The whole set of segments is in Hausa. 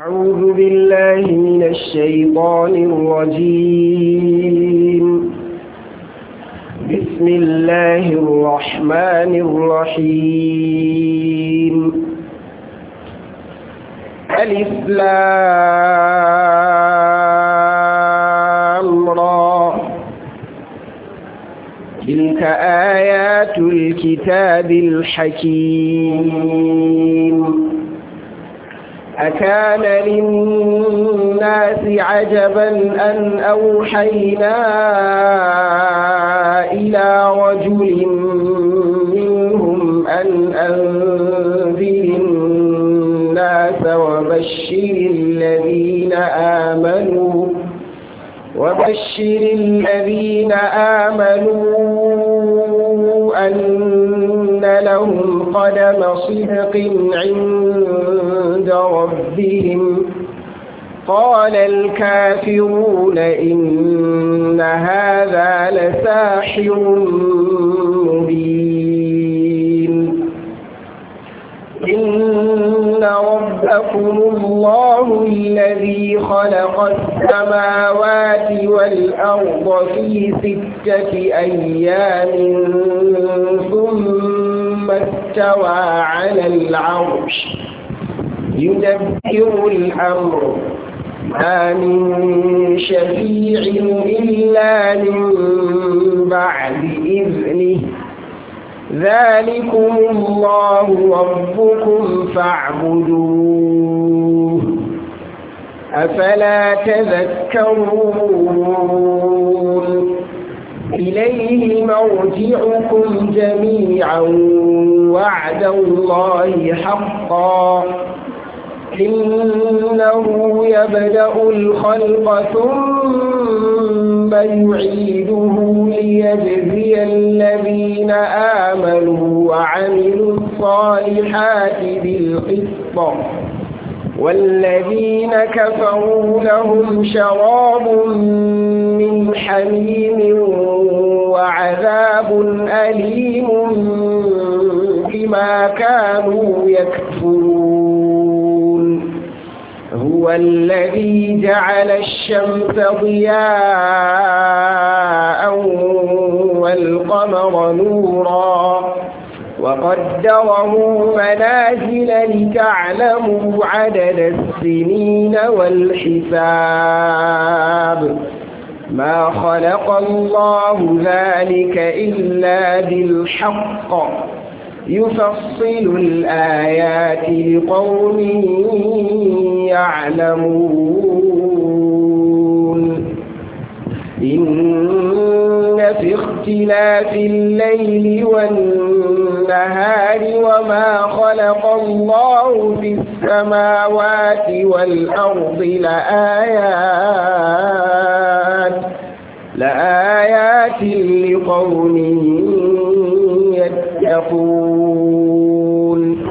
أعوذ بالله من الشيطان الرجيم بسم الله الرحمن الرحيم ألف لامرى تلك آيات الكتاب الحكيم أكان للناس عجبا أن أوحينا إلى رجل منهم أن أنذر الناس وبشر الذين آمنوا وبشر الذين آمنوا أن لهم قدم صدق عند ربهم قال الكافرون إن هذا لساحر مبين إن ربكم الله الذي خلق السماوات والأرض في ستة أيام ثم استوى على العرش يدبر الأمر ما من شفيع إلا من بعد إذنه ذلكم الله ربكم فاعبدوه أفلا تذكرون إليه مرجعكم جميعا وعد الله حقا إنه يبدأ الخلق ثم يعيده ليجزي الذين آمنوا وعملوا الصالحات بالقسط والذين كفروا لهم شراب من حميم وعذاب أليم بما كانوا يكفرون هو الذي جعل الشمس ضياء والقمر نوراً وقدره منازل لتعلموا عدد السنين والحساب ما خلق الله ذلك إلا بالحق يفصل الآيات لقوم يعلمون إن في اختلاف الليل والنهار وما خلق الله في السماوات والأرض لآيات لآيات لقوم يتقون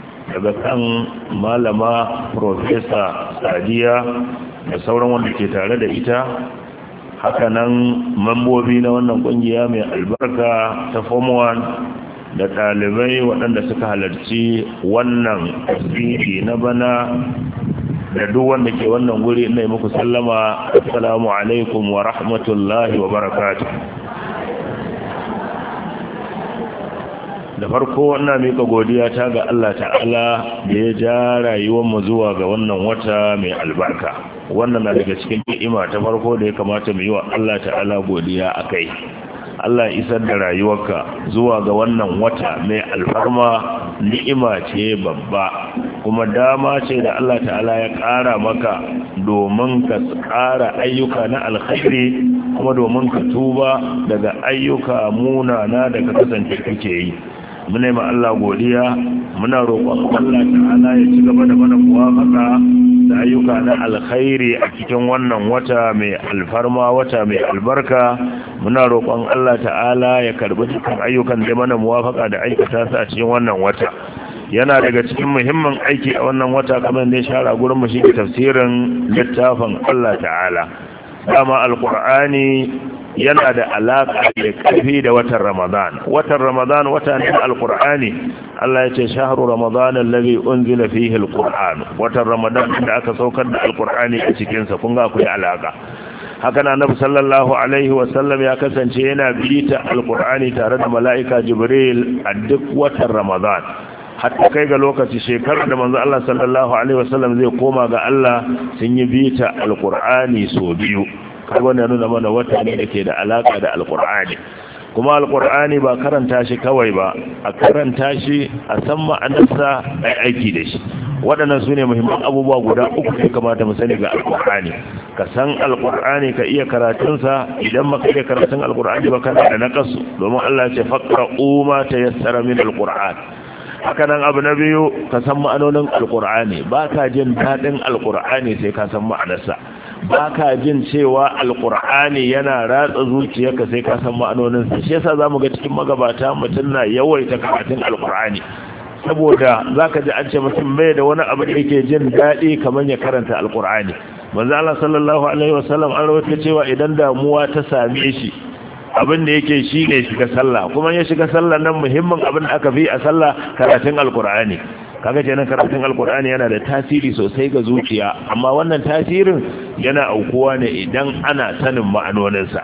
daga kan malama profesa sadiya da sauran wanda ke tare da ita hakanan mambobi na wannan kungiya mai albarka ta form 1 da ɗalibai waɗanda suka halarci wannan tasiri na bana da duk wanda ke wannan guri ina yi muku sallama assalamu alaikum wa rahmatullahi wa barakatuh da farko wannan mika godiya ta ga Allah ta'ala da ya ja rayuwar mu zuwa ga wannan wata mai albarka wannan na daga cikin ni'ima ta farko da ya kamata mu yi wa Allah ta'ala godiya akai Allah Ya isar da rayuwarka zuwa ga wannan wata mai alfarma ni'ima ce babba kuma dama ce da Allah ta'ala ya ƙara maka domin ka ƙara ayyuka na alkhairi kuma domin ka tuba daga ayyuka munana da ka kasance kake yi muna yi Allah godiya muna roƙon Allah ta'ala ya ci gaba da mana muwafaka da ayyuka na alkhairi a cikin wannan wata mai alfarma wata mai albarka muna roƙon Allah ta'ala ya karbi dukkan ayyukan da mana muwafaka da aikata su a cikin wannan wata yana daga cikin muhimmin aiki a wannan wata kamar da ya shara gurin mu shi tafsirin littafin Allah ta'ala dama alqur'ani yana da alaƙa da ƙarfi da watan Ramadan. Watan Ramadan wata ne al Allah ya ce shahru Ramadan allazi unzila fihi al Watan Ramadan da aka saukar da al a cikin sa kun ga akwai alaƙa. Haka na Nabi sallallahu alaihi wa sallam ya kasance yana bita al tare da mala'ika Jibril a duk watan Ramadan. hatta kai ga lokaci shekarar da manzo Allah sallallahu alaihi wa sallam zai koma ga Allah sun yi bita al so biyu. kai wannan nuna mana wata ne da ke da alaka da alqur'ani kuma alqur'ani ba karanta shi kawai ba a karanta shi a san ma'anarsa ai aiki da shi waɗannan sune ne muhimman abubuwa guda uku da kamata mu sani ga alƙur'ani ka san alƙur'ani ka iya karatunsa idan maka iya karatun alƙur'ani ba kana da nakasu domin Allah ya ce faqra ma tayassara min alƙur'an haka nan abu na biyu ka san ma'anonin alƙur'ani ba ka jin daɗin alƙur'ani sai ka san ma'anarsa baka ka jin cewa alkur'ani yana ratsa zuciyarka sai ka san ma'anoninsa shi yasa zamu ga cikin magabata mutum na yawaita karatun alkur'ani saboda zaka ji an ce mutum bai da wani abu da yake jin daɗi kamar ya karanta alkur'ani manzo Allah sallallahu alaihi wasallam an rawaita cewa idan damuwa ta same shi abin da yake shi ne shiga sallah kuma ya shiga sallah nan muhimmin abin da aka fi a sallah karatun alkur'ani kaga kenan karatun alkur'ani yana da tasiri sosai ga zuciya amma wannan tasirin yana aukuwa ne idan ana sanin ma'anoninsa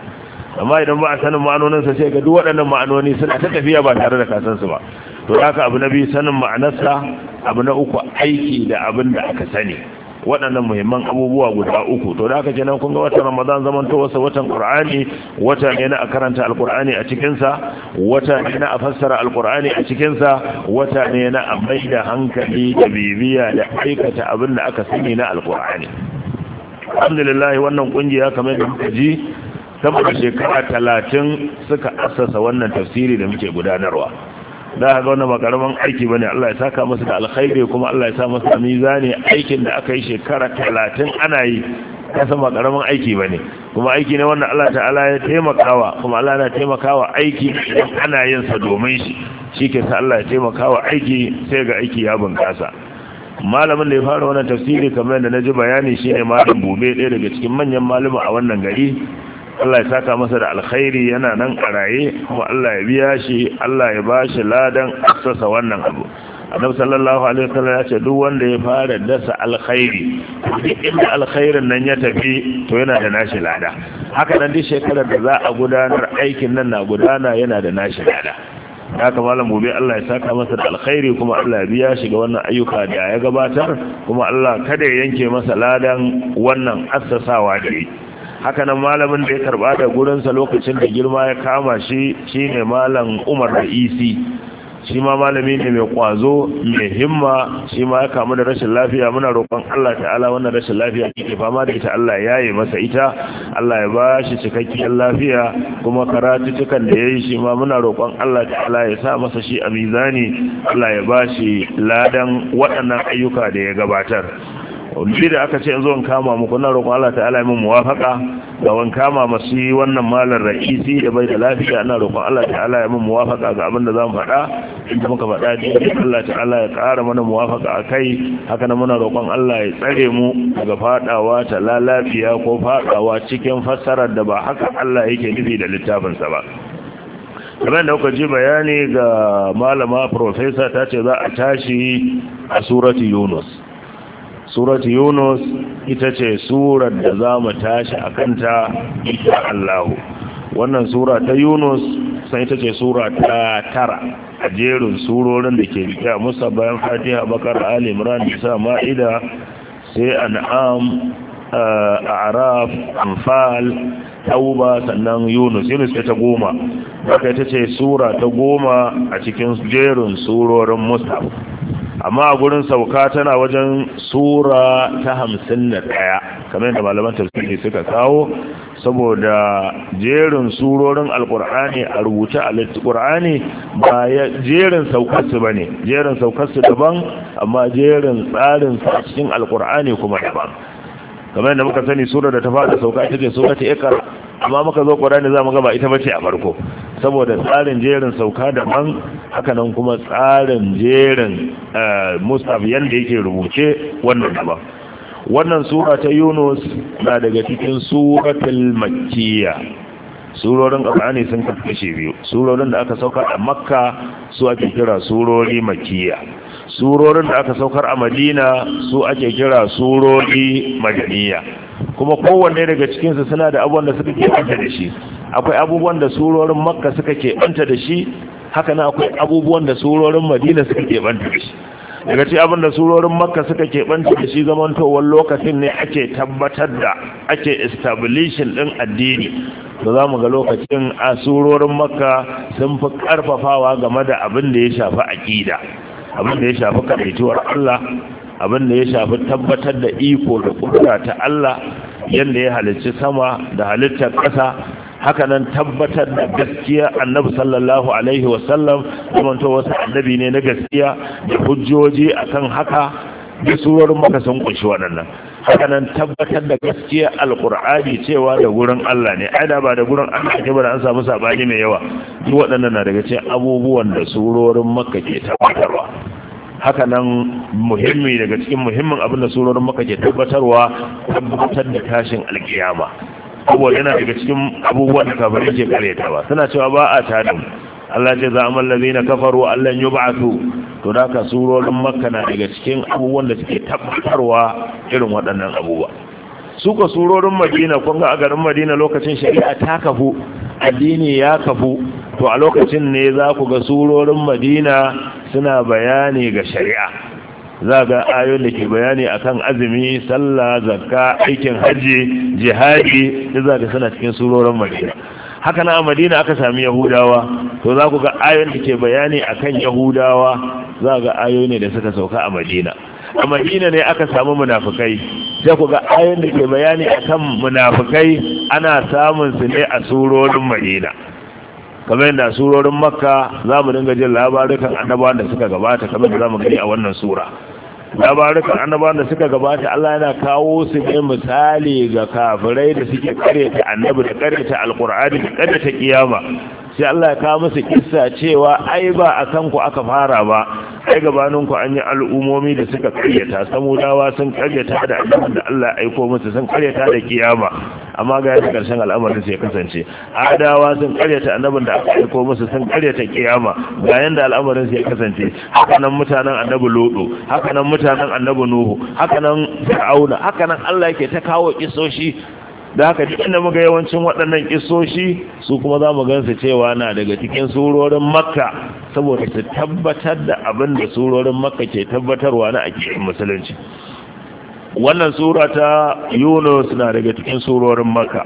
amma idan ba a sanin ma'anoninsa sai ga duk waɗannan ma'anoni suna ta tafiya ba tare da kasansu ba to haka abu na biyu sanin ma'anarsa abu na uku aiki da abin da aka sani waɗannan muhimman abubuwa guda uku to da aka ce nan kun ga watan ramadan zaman to wasa watan qur'ani wata ne na a karanta alqur'ani a cikin sa wata ne na a fassara alqur'ani a cikin sa wata ne na a mai da hankali da bibiya da aikata abin da aka sani na alqur'ani alhamdulillah wannan kungiya kamar da muka ji saboda shekara talatin suka assasa wannan tafsiri da muke gudanarwa da ga wannan ba karaman aiki bane Allah ya saka masa da alkhairi kuma Allah ya sa masa mizani aikin da aka yi shekara 30 ana yi kasan ba karamin aiki bane kuma aiki ne wannan Allah ta'ala ya taimakawa kuma Allah na taimakawa aiki idan ana yin sa domin shi shike sa Allah ya taimakawa aiki sai ga aiki ya bunkasa malamin da ya fara wannan tafsiri kamar yadda na ji bayani shine malam Bube ɗaya daga cikin manyan malama a wannan gari Allah ya saka masa da alkhairi yana nan karaye kuma Allah ya biya shi Allah ya ba shi ladan assasa wannan abu annabi sallallahu alaihi wasallam ya ce duk wanda ya fara dasa alkhairi in inda alkhairin nan ya tafi to yana da nashi lada haka nan duk shekarar da za a gudanar aikin nan na gudana yana da nashi lada haka malam gobe Allah ya saka masa da alkhairi kuma Allah ya biya shi ga wannan ayyuka da ya gabatar kuma Allah kada ya yanke masa ladan wannan assasawa da yi haka nan malamin da ya karba da gurinsa lokacin da girma ya kama shi shi ne malam umar da isi shi ma malami ne mai kwazo mai himma shi ma ya kamu da rashin lafiya muna roƙon Allah ta'ala wannan rashin lafiya kike fama da ita Allah ya yi masa ita Allah ya ba shi cikakkiyar lafiya kuma karatu karatutukan da ya yi shi ma muna roƙon Allah ta'ala ya sa masa shi a mizani Allah ya ba shi ladan waɗannan ayyuka da ya gabatar wadda da aka ce zo in kama muku na roƙon Allah ta'ala min muwafaka ga wan kama masu yi wannan malar ra'isi da bai da lafiya ina roƙon Allah ta'ala min muwafaka ga abin da zamu faɗa inda muka faɗa dai Allah ta'ala ya ƙara mana muwafaka akai haka nan muna roƙon Allah ya tsare mu daga faɗawa ta lalafiya ko faɗawa cikin fassarar da ba haka Allah yake nufi da littafinsa ba kamar da kuka ji bayani ga malama professor ta ce za a tashi a surati yunus surat yunus ita ce surar da za mu tashi a kanta insha Allahu wannan sura ta yunus sai ita ce sura ta tara a jerin surorin da ke rike musa bayan fatiha bakar alimran imran nisa ma'ida sai an'am eh, a'raf anfal tauba sannan yunus yunus ta goma haka ita ce sura ta goma a cikin jerin surorin mustaf amma a gurin sauka tana wajen sura ta hamsin da ɗaya kamar yadda malaman tafsiri suka kawo saboda jerin surorin Alƙur'ani, a rubuce a ba jerin saukarsu ba ne jerin saukarsu daban amma jerin tsarin cikin alkur'ani kuma daban kamar da muka sani surar da ta fara sauka ita ce surar ta ikar amma muka zo ƙorani za mu gaba ita bace a farko saboda tsarin jerin sauka daban hakanan kuma tsarin jerin eh, mustaf yadda yake rubuce wannan daban wannan sura ta yunus na daga cikin suratul makkiya surorin ƙasani sun kashe biyu surorin da aka sauka a makka su ake kira surori makkiya surorin da aka saukar a madina su ake kira surori madaniya kuma kowanne daga cikinsu suna da abubuwan da suka keɓanta da shi akwai abubuwan da surorin makka suka keɓanta da shi haka na akwai abubuwan da surorin madina suka keɓanta da shi daga ci abin da surorin makka suka keɓanta da shi zamantowar lokacin ne ake tabbatar da ake establishin ɗin addini to za mu ga lokacin a surorin makka sun fi ƙarfafawa game da abin da ya shafi aƙida abin da ya shafi kaɗaituwar Allah abin da ya shafi tabbatar da iko da kudura ta Allah yadda ya halicci sama da halittar ƙasa hakanan tabbatar da gaskiya annabi sallallahu alaihi wasallam zamanto wasu annabi ne na gaskiya da hujjoji akan haka da suwar maka sun kunshi waɗannan hakanan tabbatar da gaskiya alkur'ani cewa da gurin Allah ne ai da ba da gurin Allah ake ba da an samu sabani mai yawa duk waɗannan na daga cikin abubuwan da surorin makka ke tabbatarwa hakanan muhimmi daga cikin muhimmin abin da surorin makka ke tabbatarwa tabbatar da tashin alkiyama abubuwan yana daga cikin abubuwan da kafirai ke ba. suna cewa ba a tada Allah ce za amal na kafaru ba su to da ka surorin makka na daga cikin abubuwan da suke tabbatarwa irin waɗannan abubuwa su ka surorin madina kun ga a garin madina lokacin shari'a ta kafu addini ya kafu to a lokacin ne za ku ga surorin madina suna bayani ga shari'a za ga ayon da ke bayani akan azumi sallah zakka aikin hajji jihadi da za ga suna cikin surorin madina haka na a madina aka sami yahudawa to za ku ga ayoyin da ke bayani a kan yahudawa za ga ayoyi ne da suka sauka a madina a madina ne aka samu munafukai sai ku ga ayoyin da ke bayani a kan munafukai ana samun su ne a surorin madina kamar yadda surorin makka za mu dinga jin labarukan annabawan da suka gabata kamar da za mu gani a wannan sura labarukan annabawan da suka gabata Allah yana kawo su ne misali ga kafirai da suke karyata annabi da ta alkur'ani da karyata kiyama sai Allah ya kawo musu kissa cewa ai ba a kan ku aka fara ba ai gabanin ku an yi al'umomi da suka karyata samudawa sun karyata da annabin da Allah ya aiko musu sun karyata da kiyama amma ga yadda karshen al'amarin sai kasance adawa sun karyata annabin da aka aiko musu sun karyata kiyama ga yadda al'amarin sai kasance haka nan mutanen annabi lodo haka nan mutanen annabi nuhu haka nan fir'auna haka nan Allah yake ta kawo kisoshi da haka duk inda muga yawancin waɗannan kisoshi su kuma za mu gansu cewa na daga cikin surorin makka saboda su tabbatar da abin da surorin makka ke tabbatarwa na akikin musulunci wannan sura ta yunus na daga cikin surorin makka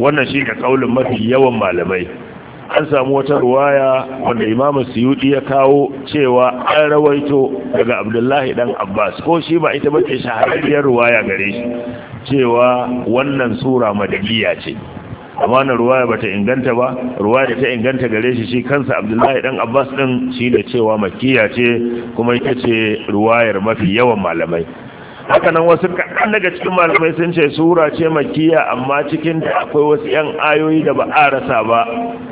wannan shi ne kaulin mafi yawan malamai an samu wata ruwaya wanda imam suyuti ya kawo cewa an rawaito daga abdullahi dan abbas ko shi ba ita bace shahararriyar ruwaya gare shi cewa wannan sura madaniya ce amma na ruwaya bata inganta ba ruwaya ta inganta gare shi shi kansa abdullahi dan abbas din shi da cewa makiya ce kuma ita ce ruwayar mafi yawan malamai haka nan wasu kaɗan daga cikin malamai sun ce sura ce makiya amma cikin da akwai wasu 'yan ayoyi da ba a rasa ba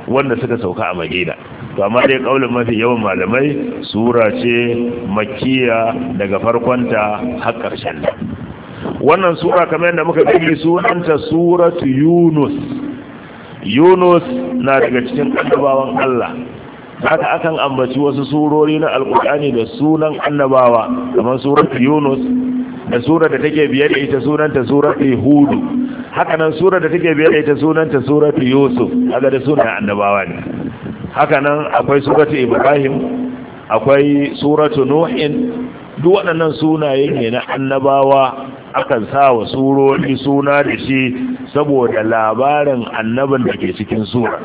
wanda suka sauka a madina to amma dai kaulin mafi yawan malamai sura ce makkiya daga farkonta har ƙarshen wannan sura kamar yadda muka gani sunanta suratu yunus yunus na daga cikin annabawan allah haka akan ambaci wasu surori na alkur'ani da sunan annabawa kamar suratu yunus da surar da take biye da ita sunanta suratu hudu haka nan surar da take biyar ita sunanta suratu yusuf aga da sunan annabawa ne haka nan akwai suratu ibrahim akwai suratu nuhin duk waɗannan sunaye ne na annabawa akan sa wa surori suna da shi saboda labarin annabin da ke cikin sura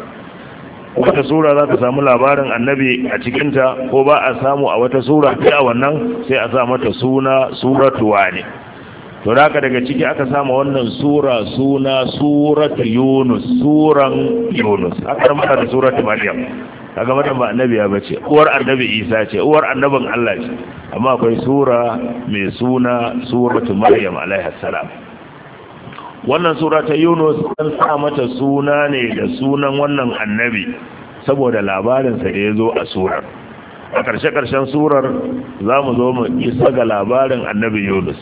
wata sura za ta samu labarin annabi a cikinta ko ba a samu a wata sura ta wannan sai a sa mata suna suratuwa ne to daga ciki aka samu wannan sura suna surat yunus suran yunus aka mata da surat maryam kaga madan ba annabi ya bace uwar annabi isa ce uwar annabin allah ce amma akwai sura mai suna suratu maryam alaiha salam wannan sura ta yunus an sa mata suna ne da sunan wannan annabi saboda labarinsa da ya a surar a ƙarshe-ƙarshen surar zamu zo mu isa ga labarin annabi yunus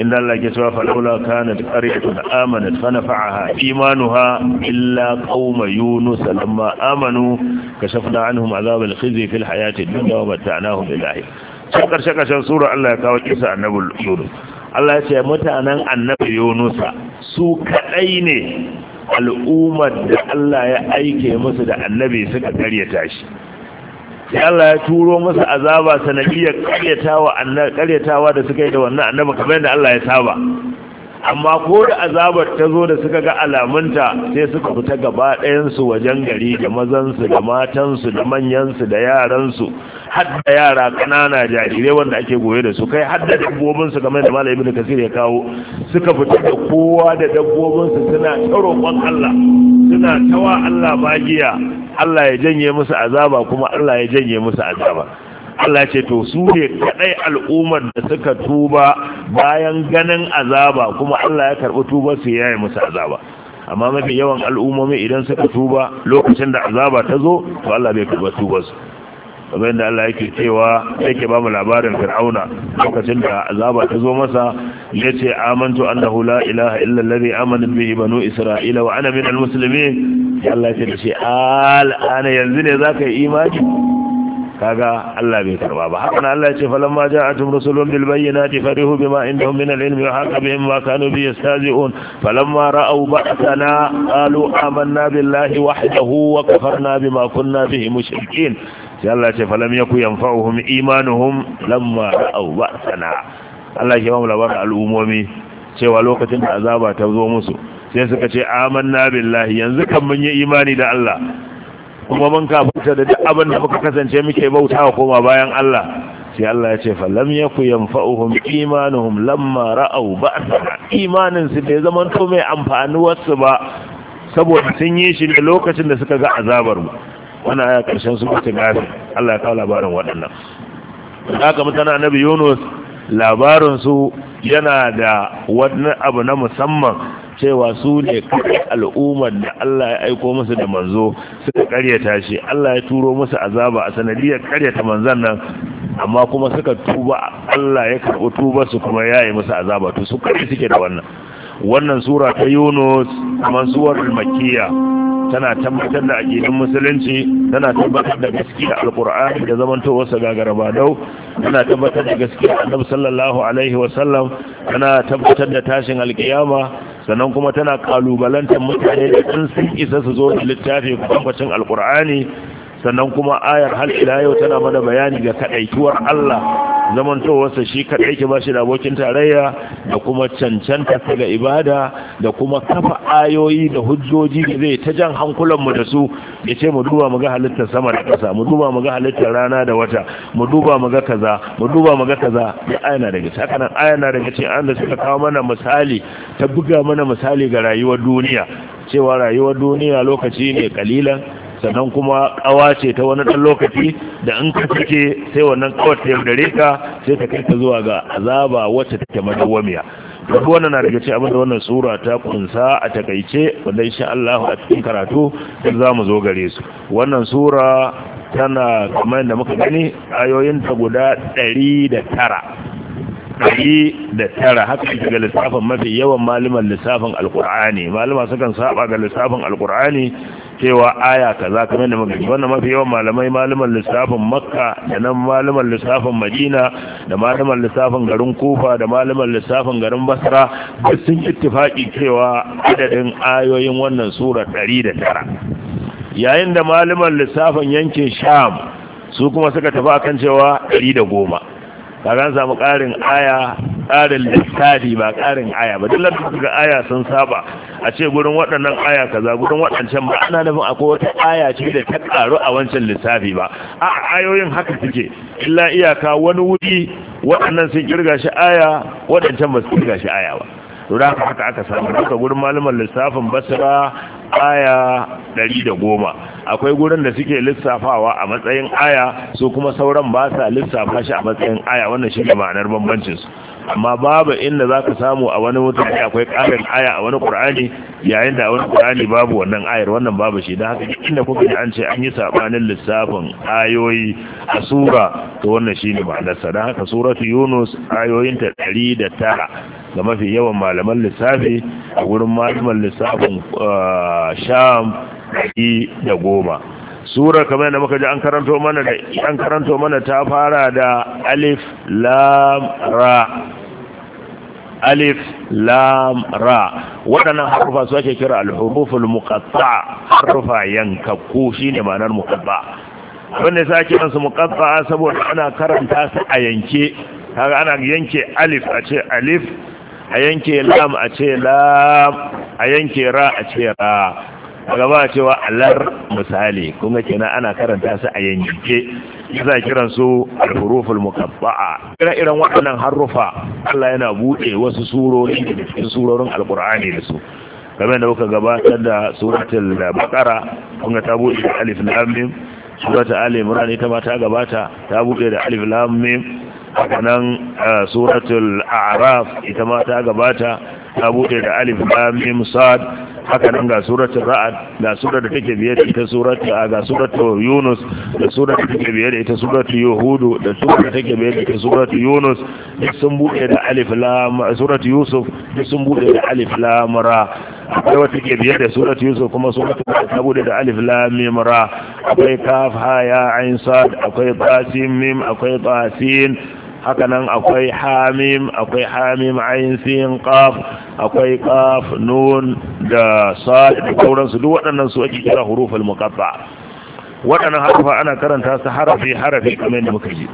inda Allah ke cewa falaula kanat qaryatun amanat fa nafa'aha imanuha illa qauma yunus lamma amanu kashafna anhum azab al-khizy fi al-hayati ad-dunya wa mata'nahum ila Allah ya kawo kisa annabi yunus Allah ya ce mutanen annabi Yunusa su kadai ne al'ummar da Allah ya aike musu da annabi suka karyata shi sai Allah ya turo masa azaba sanadiyar karyatawa da suka yi da wannan annaba, kamar yadda Allah ya saba amma ko da azabar ta zo da suka ga alamunta sai suka fita gaba ɗayansu wajen gari da mazansu da matansu da manyansu da yaransu har da yara ƙanana jarirai wanda ake goye da su kai har da su kamar da malam ibnu kasir ya kawo suka fita da kowa da dabbobin su suna ta Allah suna tawa Allah magiya Allah ya janye musu azaba kuma Allah ya janye musu azaba Allah ce to su ne kadai al'ummar da suka tuba bayan ganin azaba kuma Allah ya karɓi tubar su yayi musu azaba amma mafi yawan al'ummomi idan suka tuba lokacin da azaba ta zo to Allah bai karɓi tubar su kamar yadda Allah yake cewa yake ba mu labarin Fir'auna lokacin da azaba ta zo masa yace amantu annahu la ilaha illa allazi amana bihi banu isra'ila wa ana minal muslimin Allah ya ce al'ana yanzu ne zaka yi imani kaga Allah bai karba ba haka Allah ya ce falamma ja'atum rusulun bil bayyinati farihu bima indahum min al ilmi wa haqa bihim ma kanu bi yastazi'un falamma ra'aw ba'athana qalu amanna billahi wahdahu wa kafarna bima kunna bihi mushrikeen sai Allah ya ce falam yaku yanfa'uhum imanuhum lamma ra'aw ba'athana Allah ya ba labar labarin al'umomi cewa lokacin da azaba ta zo musu sai suka ce amanna billahi yanzu kan mun yi imani da Allah kuma mun ka kafurta da duk abin da muka kasance muke bauta wa koma bayan Allah sai Allah ya ce fa lam yaku yanfa'uhum imanuhum lamma ra'aw ba'sa imanin su bai zaman to mai amfani wasu ba saboda sun yi shi ne lokacin da suka ga azabar mu wannan aya karshen su ta gafi Allah ya kawo labarin waɗannan haka mutana annabi Yunus labarin su yana da wani abu na musamman cewa su ne al'ummar da Allah ya aiko musu da manzo suka karyata shi Allah ya turo musu azaba a sanadiyar karyata manzon nan amma kuma suka tuba Allah ya karɓi tubar su kuma yayi musu azaba to su kare suke da wannan wannan sura ta Yunus kamar suwar Makkiya tana tabbatar da aƙidin musulunci tana tabbatar da gaskiya alƙur'ani da zamantowarsa gagaraba dau tana tabbatar da gaskiya annabi sallallahu alaihi wa sallam, tana tabbatar da tashin alƙiyama sannan kuma tana kalubalantar mutane da sun isa su zo da littafi kwakwacin alkur'ani sannan kuma ayar hal ila yau tana mana bayani ga kadaituwar Allah zamantowarsa shi kadai ke bashi da abokin tarayya da kuma cancanta ga ibada da kuma kafa ayoyi da hujjoji da zai ta jan hankulan mu da su ya ce mu duba mu ga halittar sama da ƙasa mu duba mu ga halittar rana da wata mu duba mu ga kaza mu duba mu ga kaza ya ayana daga ci haka nan ayana daga ci an da suka kawo mana misali ta buga mana misali ga rayuwar duniya cewa rayuwar duniya lokaci ne kalilan sannan kuma ƙawa ce ta wani ɗan lokaci da in ka cike sai wannan kawar ta yaudare ka sai ta kai ka zuwa ga azaba wacce take madawwamiya duk wannan na daga cikin abin da wannan sura ta kunsa a takaice wanda insha Allah a cikin karatu duk zamu zo gare su wannan sura tana kamar yadda muka gani ayoyin ta guda 109 ɗari da tara haka ake ga lissafin mafi yawan malaman lissafin alkur'ani malama sukan saba ga lissafin alkur'ani cewa aya kaza kamar da wannan mafi yawan malamai malaman lissafin makka da nan malaman lissafin madina da malaman lissafin garin kufa da malaman lissafin garin basra duk sun ittifaki cewa adadin ayoyin wannan sura 109 yayin da malaman lissafin yankin sham su kuma suka tafi akan cewa 110 kaga an samu karin aya tsarin lissafi ba ƙarin aya ba dillar da ga aya sun saba a ce gurin waɗannan aya kaza gurin waɗancan ba ana nufin akwai wata aya ce da ta ƙaru a wancan lissafi ba a ayoyin haka suke illa iyaka wani wuri waɗannan sun kirga shi aya waɗancan ba su kirga shi aya ba to ka haka aka samu duka gurin malaman lissafin basira aya ɗari da goma akwai gurin da suke lissafawa a matsayin aya su kuma sauran ba sa lissafa shi a matsayin aya wannan shi ne ma'anar bambancinsu amma babu inda za ka samu a wani mutane akwai ƙarin aya a wani Qur'ani yayin da a wani Qur'ani babu wannan ayar wannan babu shi dan haka inda kuka ji an ce an yi sabanin lissafin ayoyi a sura to wannan shine ma'anar sa dan haka suratu Yunus ayoyin ta tara, ga mafi yawan malaman lissafi a gurin malaman lissafin ah, Sham da goma sura kamar da muka ji an karanto mana da an karanto mana ta fara da alif lam ra alif lam ra waɗannan harufa su ake kira al-huruful muqatta harufa yankakku shine ma'anar muqatta wanda yasa ake kiransu muqatta saboda ana karanta su a yanke kaga ana yanke alif a ce alif a yanke lam a ce lam a yanke ra a ce ra daga ba cewa alar misali kuma kenan ana karanta su a yanke za kiran su al-huruful muqatta'a ira iran waɗannan harufa Allah yana buɗe wasu surori da cikin surorin alqur'ani da su kamar da kuka gabatar da suratul baqara kun ta buɗe da alif lam mim suratul ali imran ita ma ta gabata ta buɗe da alif lam mim haka suratul a'raf ita ma ta gabata ta buɗe da alif lam mim sad haka nan ga suratul ra'ad ga surar da take biye da ita suratul ga suratul yunus da surar da take biye da ita suratul yahudu da surar da take biye da ita suratul yunus duk sun bude da alif lam suratul yusuf duk sun bude da alif lam ra akwai wata take biye da suratul yusuf kuma suratul ta bude da alif lam mim ra akwai kaf ha ya ain sad akwai qasim mim akwai qasin haka nan akwai hamim akwai hamim ayin sin qaf akwai qaf nun da sad da sauransu duk waɗannan su ake kira huruful muqatta waɗannan harfa ana karanta su harafi harafi kamar yadda muka ji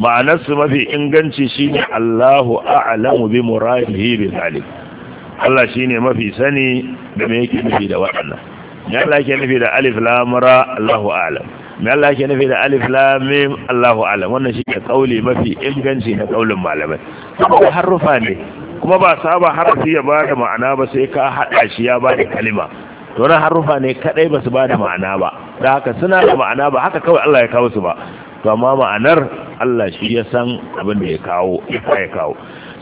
ma'anar su mafi inganci shine Allahu a'lamu bi muradihi bi zalik Allah shine mafi sani da me yake nufi da waɗannan ya Allah yake nufi da alif lam ra Allahu a'lam mai Allah ke nufi da alif lamim Allahu alam wannan shi ke kauli mafi inganci na kaulin malamai saboda harufa ne kuma ba saba harafi ya da ma'ana ba sai ka haɗa shi ya bada kalima to ran harufa ne kadai ba su da ma'ana ba da haka suna da ma'ana ba haka kawai Allah ya kawo su ba to amma ma'anar Allah shi ya san abin da ya kawo ya kawo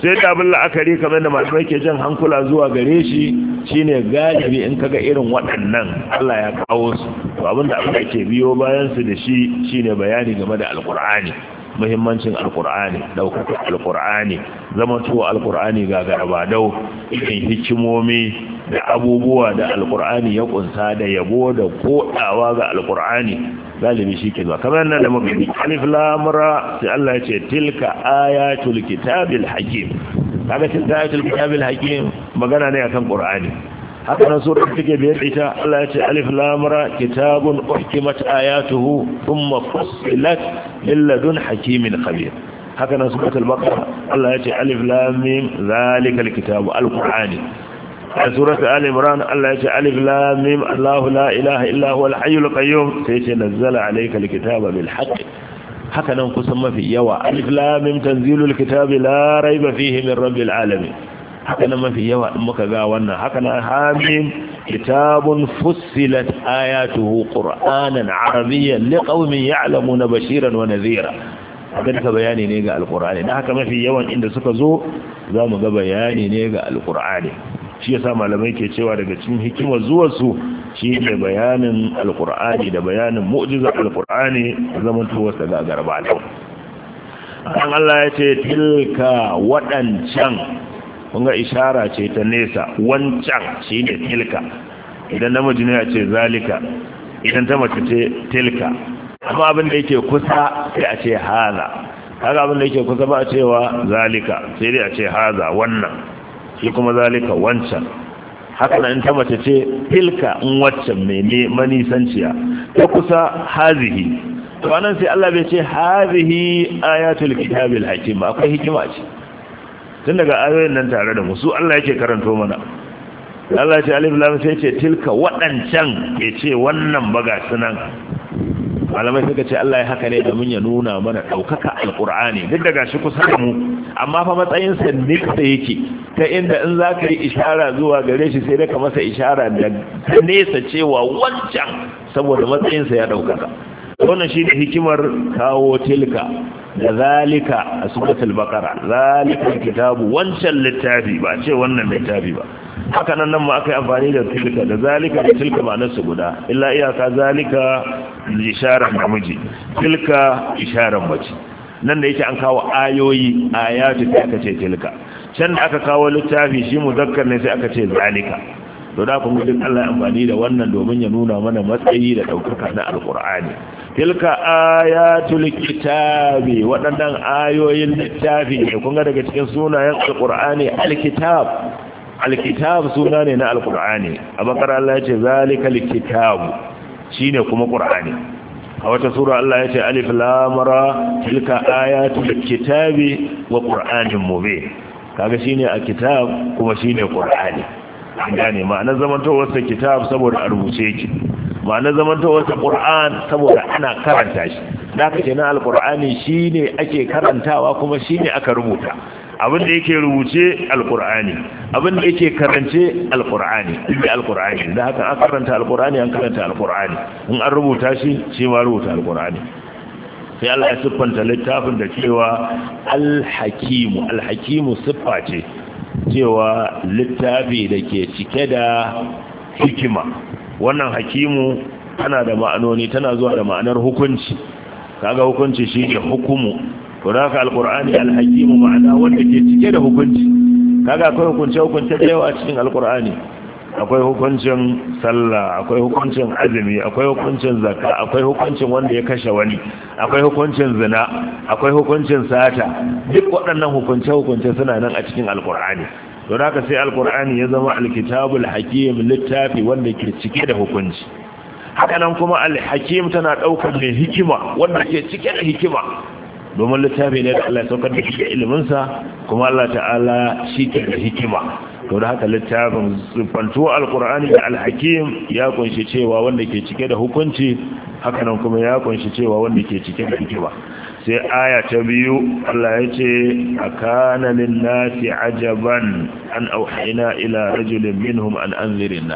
sai da abin la'akari kamar da malamai ke jan hankula zuwa gare shi shine galibi in kaga irin waɗannan Allah ya kawo su to abin da aka ke biyo bayansu da shi shine bayani game da alkur'ani muhimmancin alkur'ani ɗaukaka alkur'ani zama tuwa alkur'ani ga garabadau dau irin hikimomi da abubuwa da alkur'ani ya kunsa da yabo da kodawa ga alkur'ani galibi shi ke zuwa kamar nan da mafi alif lamura sai Allah ya ce tilka ayatul kitabil hakim kaga tilka ayatul kitabil hakim magana ne akan qur'ani haka nan surar take biyar ita Allah ya ce alif lamura kitabun uhkimat ayatuhu thumma fussilat illa dun hakimin khabir haka nan suratul baqara Allah ya ce alif lam mim zalikal kitabu alqur'ani a suratu al imran Allah ya ce alif lam Allahu la ilaha illa huwal qayyum sai ce nazzala alayka alkitaba bil haqq haka nan kusan mafi yawa alif lam tanzilul kitabi la raiba fihi min rabbil alamin haka nan mafi yawa in muka ga wannan haka nan hamim kitabun fussilat ayatuhu qur'anan arabiyyan liqaumin ya'lamuna bashiran wa nadhira hakan ka bayani ne ga alqur'ani dan haka mafi yawan inda suka zo zamu ga bayani ne ga alqur'ani shi yasa malamai ke cewa daga cikin hikimar su shi ne bayanin alkur'ani da bayanin mu'jizar alkur'ani zamantowarsa ga garba. an Allah ya ce tilka waɗancan ga ishara ce ta nesa wancan shi ne tilka idan namiji ne ya ce zalika idan ta mace ce tilka amma abin da yake kusa sai a ce haza Haka abin da yake kusa ba a cewa zalika sai dai a ce haza wannan shi kuma zalika wancan haka nan ta mace ce tilka in waccan mai ne manisanciya ta kusa hazihi to anan sai Allah bai ce hazihi ayatul kitabil hakim akwai hikima ce tun daga ayoyin nan tare da mu su Allah yake karanto mana Allah ya ce alif lam sai ce tilka waɗancan ke ce wannan baga sunan malamai suka ce Allah ya haka ne domin ya nuna mana ɗaukaka alƙur'ani duk da gashi kusa da mu amma fa matsayin sa nesa yake ta inda in za ka yi ishara zuwa gare shi sai dai ka masa ishara da nesa cewa wancan saboda matsayin sa ya ɗaukaka wannan shi ne hikimar kawo tilka da zalika a suratul baqara zalika kitabu wancan littafi ba ce wannan littafi ba haka nan nan ma aka yi amfani da tilka da zalika da tilka ma'anar su guda illa iyaka zalika isharar namiji tilka isharar mace nan da yake an kawo ayoyi ayatu sai aka ce tilka can da aka kawo littafi shi muzakkar ne sai aka ce zalika to da kuma duk Allah ya amfani da wannan domin ya nuna mana matsayi da daukaka na alqur'ani tilka ayatul kitabi waɗannan ayoyin littafi ne kun ga daga cikin sunayen alqur'ani alkitab alkitab suna ne na alqur'ani a bakara Allah ya ce zalika likitabu. shine kuma qur'ani a wata sura Allah ya ce alif lam ra tilka ayatul kitabi wa qur'anin mubin kaga shine a kitab kuma shine qur'ani an gane ma'anar zamantowar sa kitab saboda a rubuce yake ma'anar zamantowar sa qur'an saboda ana karanta shi da haka kenan alqur'ani shine ake karantawa kuma shine aka rubuta abin da yake rubuce alkur'ani abin yake karance alkur'ani ibi alkur'ani da haka an karanta alkur'ani an karanta alkur'ani in an rubuta shi shi ma rubuta alkur'ani sai Allah ya siffanta littafin da cewa alhakimu alhakimu siffa ce cewa littafi da ke cike da hikima wannan hakimu tana da ma'anoni tana zuwa da ma'anar hukunci kaga hukunci shi ne hukumu to da haka alqur'ani alhakimu ma'ana wanda ke cike da hukunci kaga akwai hukunce hukunce a cikin alqur'ani akwai hukuncin sallah akwai hukuncin azumi akwai hukuncin zakka akwai hukuncin wanda ya kashe wani akwai hukuncin zina akwai hukuncin sata duk waɗannan hukunce hukunce suna nan a cikin alkur'ani don haka sai alkur'ani ya zama alkitabul hakim littafi wanda ke cike da hukunci haka nan kuma alhakim tana ɗaukar mai hikima wanda ke cike da hikima domin littafi ne da Allah ya saukar da shi da iliminsa kuma Allah ta'ala shi ke da hikima to da haka littafin sifantuwa alkur'ani da alhakim ya kunshi cewa wanda ke cike da hukunci hakanan kuma ya kunshi cewa wanda ke cike da hikima sai aya ta biyu Allah ya ce a kana linnasi ajaban an auhaina ila rajulin minhum an anzirin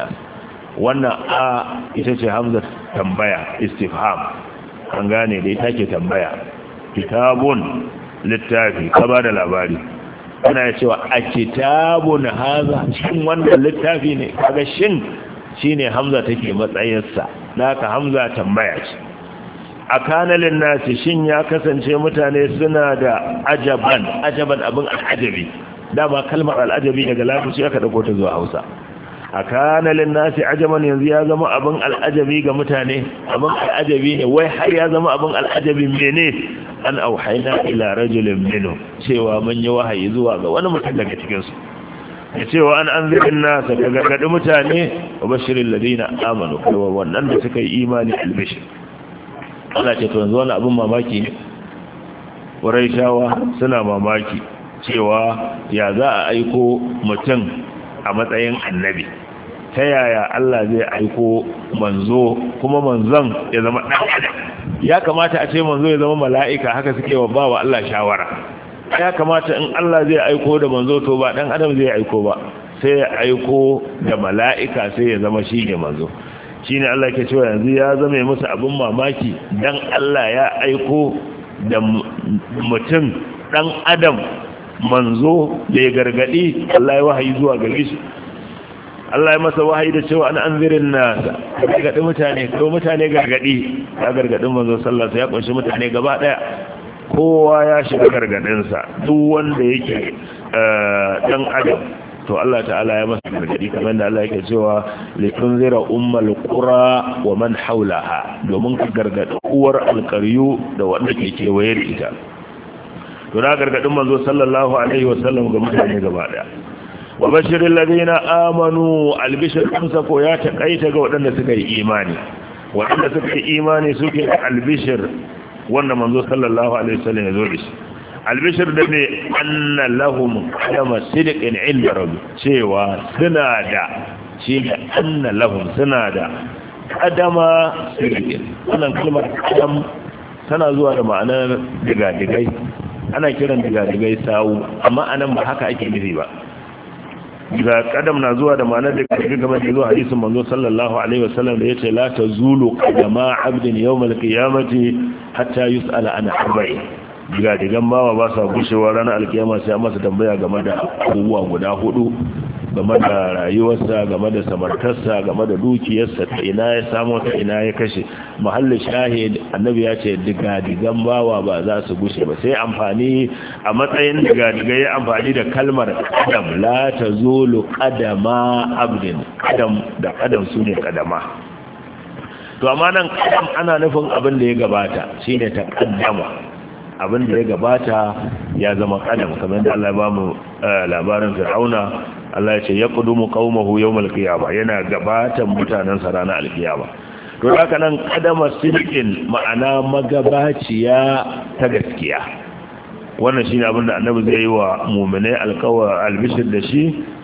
wannan a ita ce hamza tambaya istifham an gane da ita ke tambaya kitabun littafi ka ba da labari ana cewa a kitabun haza cikin wannan littafi ne kaga shin shine hamza take matsayinsa naka hamza tambaya ce a kanalin nasi shin ya kasance mutane suna da ajaban ajaban abin al'ajabi dama kalmar al'ajabi daga lafi aka dauko ta zuwa hausa a kana lin nasi ajaban yanzu ya zama abin al'ajabi ga mutane abin al'ajabi ne wai har ya zama abin al'ajabi mene an auhaina ila rajulin minhu cewa mun yi wahayi zuwa ga wani mutum daga cikin su ya cewa an an zikin nasa ga gargaɗi mutane wa bashirin ladina amanu kaiwa wannan da suka yi imani albishi ana ce to yanzu wani abin mamaki ne shawa suna mamaki cewa ya za a aiko mutum a matsayin annabi ta yaya Allah zai aiko manzo kuma manzon ya zama dan adam ya kamata a ce manzo ya zama mala'ika haka suke wa bawa Allah shawara ya kamata in Allah zai aiko da manzo to ba dan adam zai aiko ba sai ya aiko da mala'ika sai ya zama shi ne manzo shine Allah ke cewa yanzu ya zama musu abin mamaki dan Allah ya aiko da mutum dan adam manzo da ya gargadi Allah ya wahayi zuwa gare shi Allah ya masa wahayi da cewa an anzirin nasa gargadin mutane ko mutane gargadi ya gargadin manzon sallallahu ya kunshi mutane gaba daya kowa ya shiga gargadin sa duk wanda yake dan eh, adam to Allah ta'ala ya masa gargadi kamar da Allah yake cewa tunzira ummal qura wa man haulaha domin ka gargadi uwar alqaryu da wanda ke kewaye da ita to na gargadin manzo sallallahu alaihi wasallam ga mutane gaba daya wa bashirin ladina amanu albishir amsa ko ya taƙaita ga waɗanda suka yi imani waɗanda suka yi imani suke da albishir wanda manzo sallallahu alaihi wasallam ya zo da shi albishir da ne anna lahum qadama sidqin inda rabbi cewa suna da shi da anna lahum suna da qadama sidqin wannan kalmar qadam tana zuwa da ma'anar digadigai ana kiran digadigai sawu amma anan ba haka ake nufi ba ga kadam na zuwa da ma'anar da kafin gaba da zuwa hadisin manzo sallallahu alaihi wasallam da yace la tazulu qadama abdin yawm al-qiyamati hatta yus'ala an arba'in diga digan bawa ba sa gushewa ranar alkiyama sai masa tambaya game da abubuwa guda hudu game da rayuwarsa game da samartarsa game da dukiyarsa ta ina ya samu ta ina ya kashe mahallin shahid annabi ya ce digan bawa ba za su gushe ba sai amfani a matsayin diga ya amfani da kalmar adam la ta zolo kadama abdin adam da adam su ne kadama to amma nan kadam ana nufin abin da ya gabata shine ta kaddama abin da ya gabata ya zama kadam kamar yadda Allah ya ba mu eh, labarin Fir'auna Allah ya ce ya yaqdumu qaumahu yawmal qiyamah yana gabatan mutanen sa ranar alkiyama to haka nan kadama sidqin ma'ana magabaciya ta gaskiya wannan shine abin da Annabi zai yi wa mu'minai alqawa albishir da shi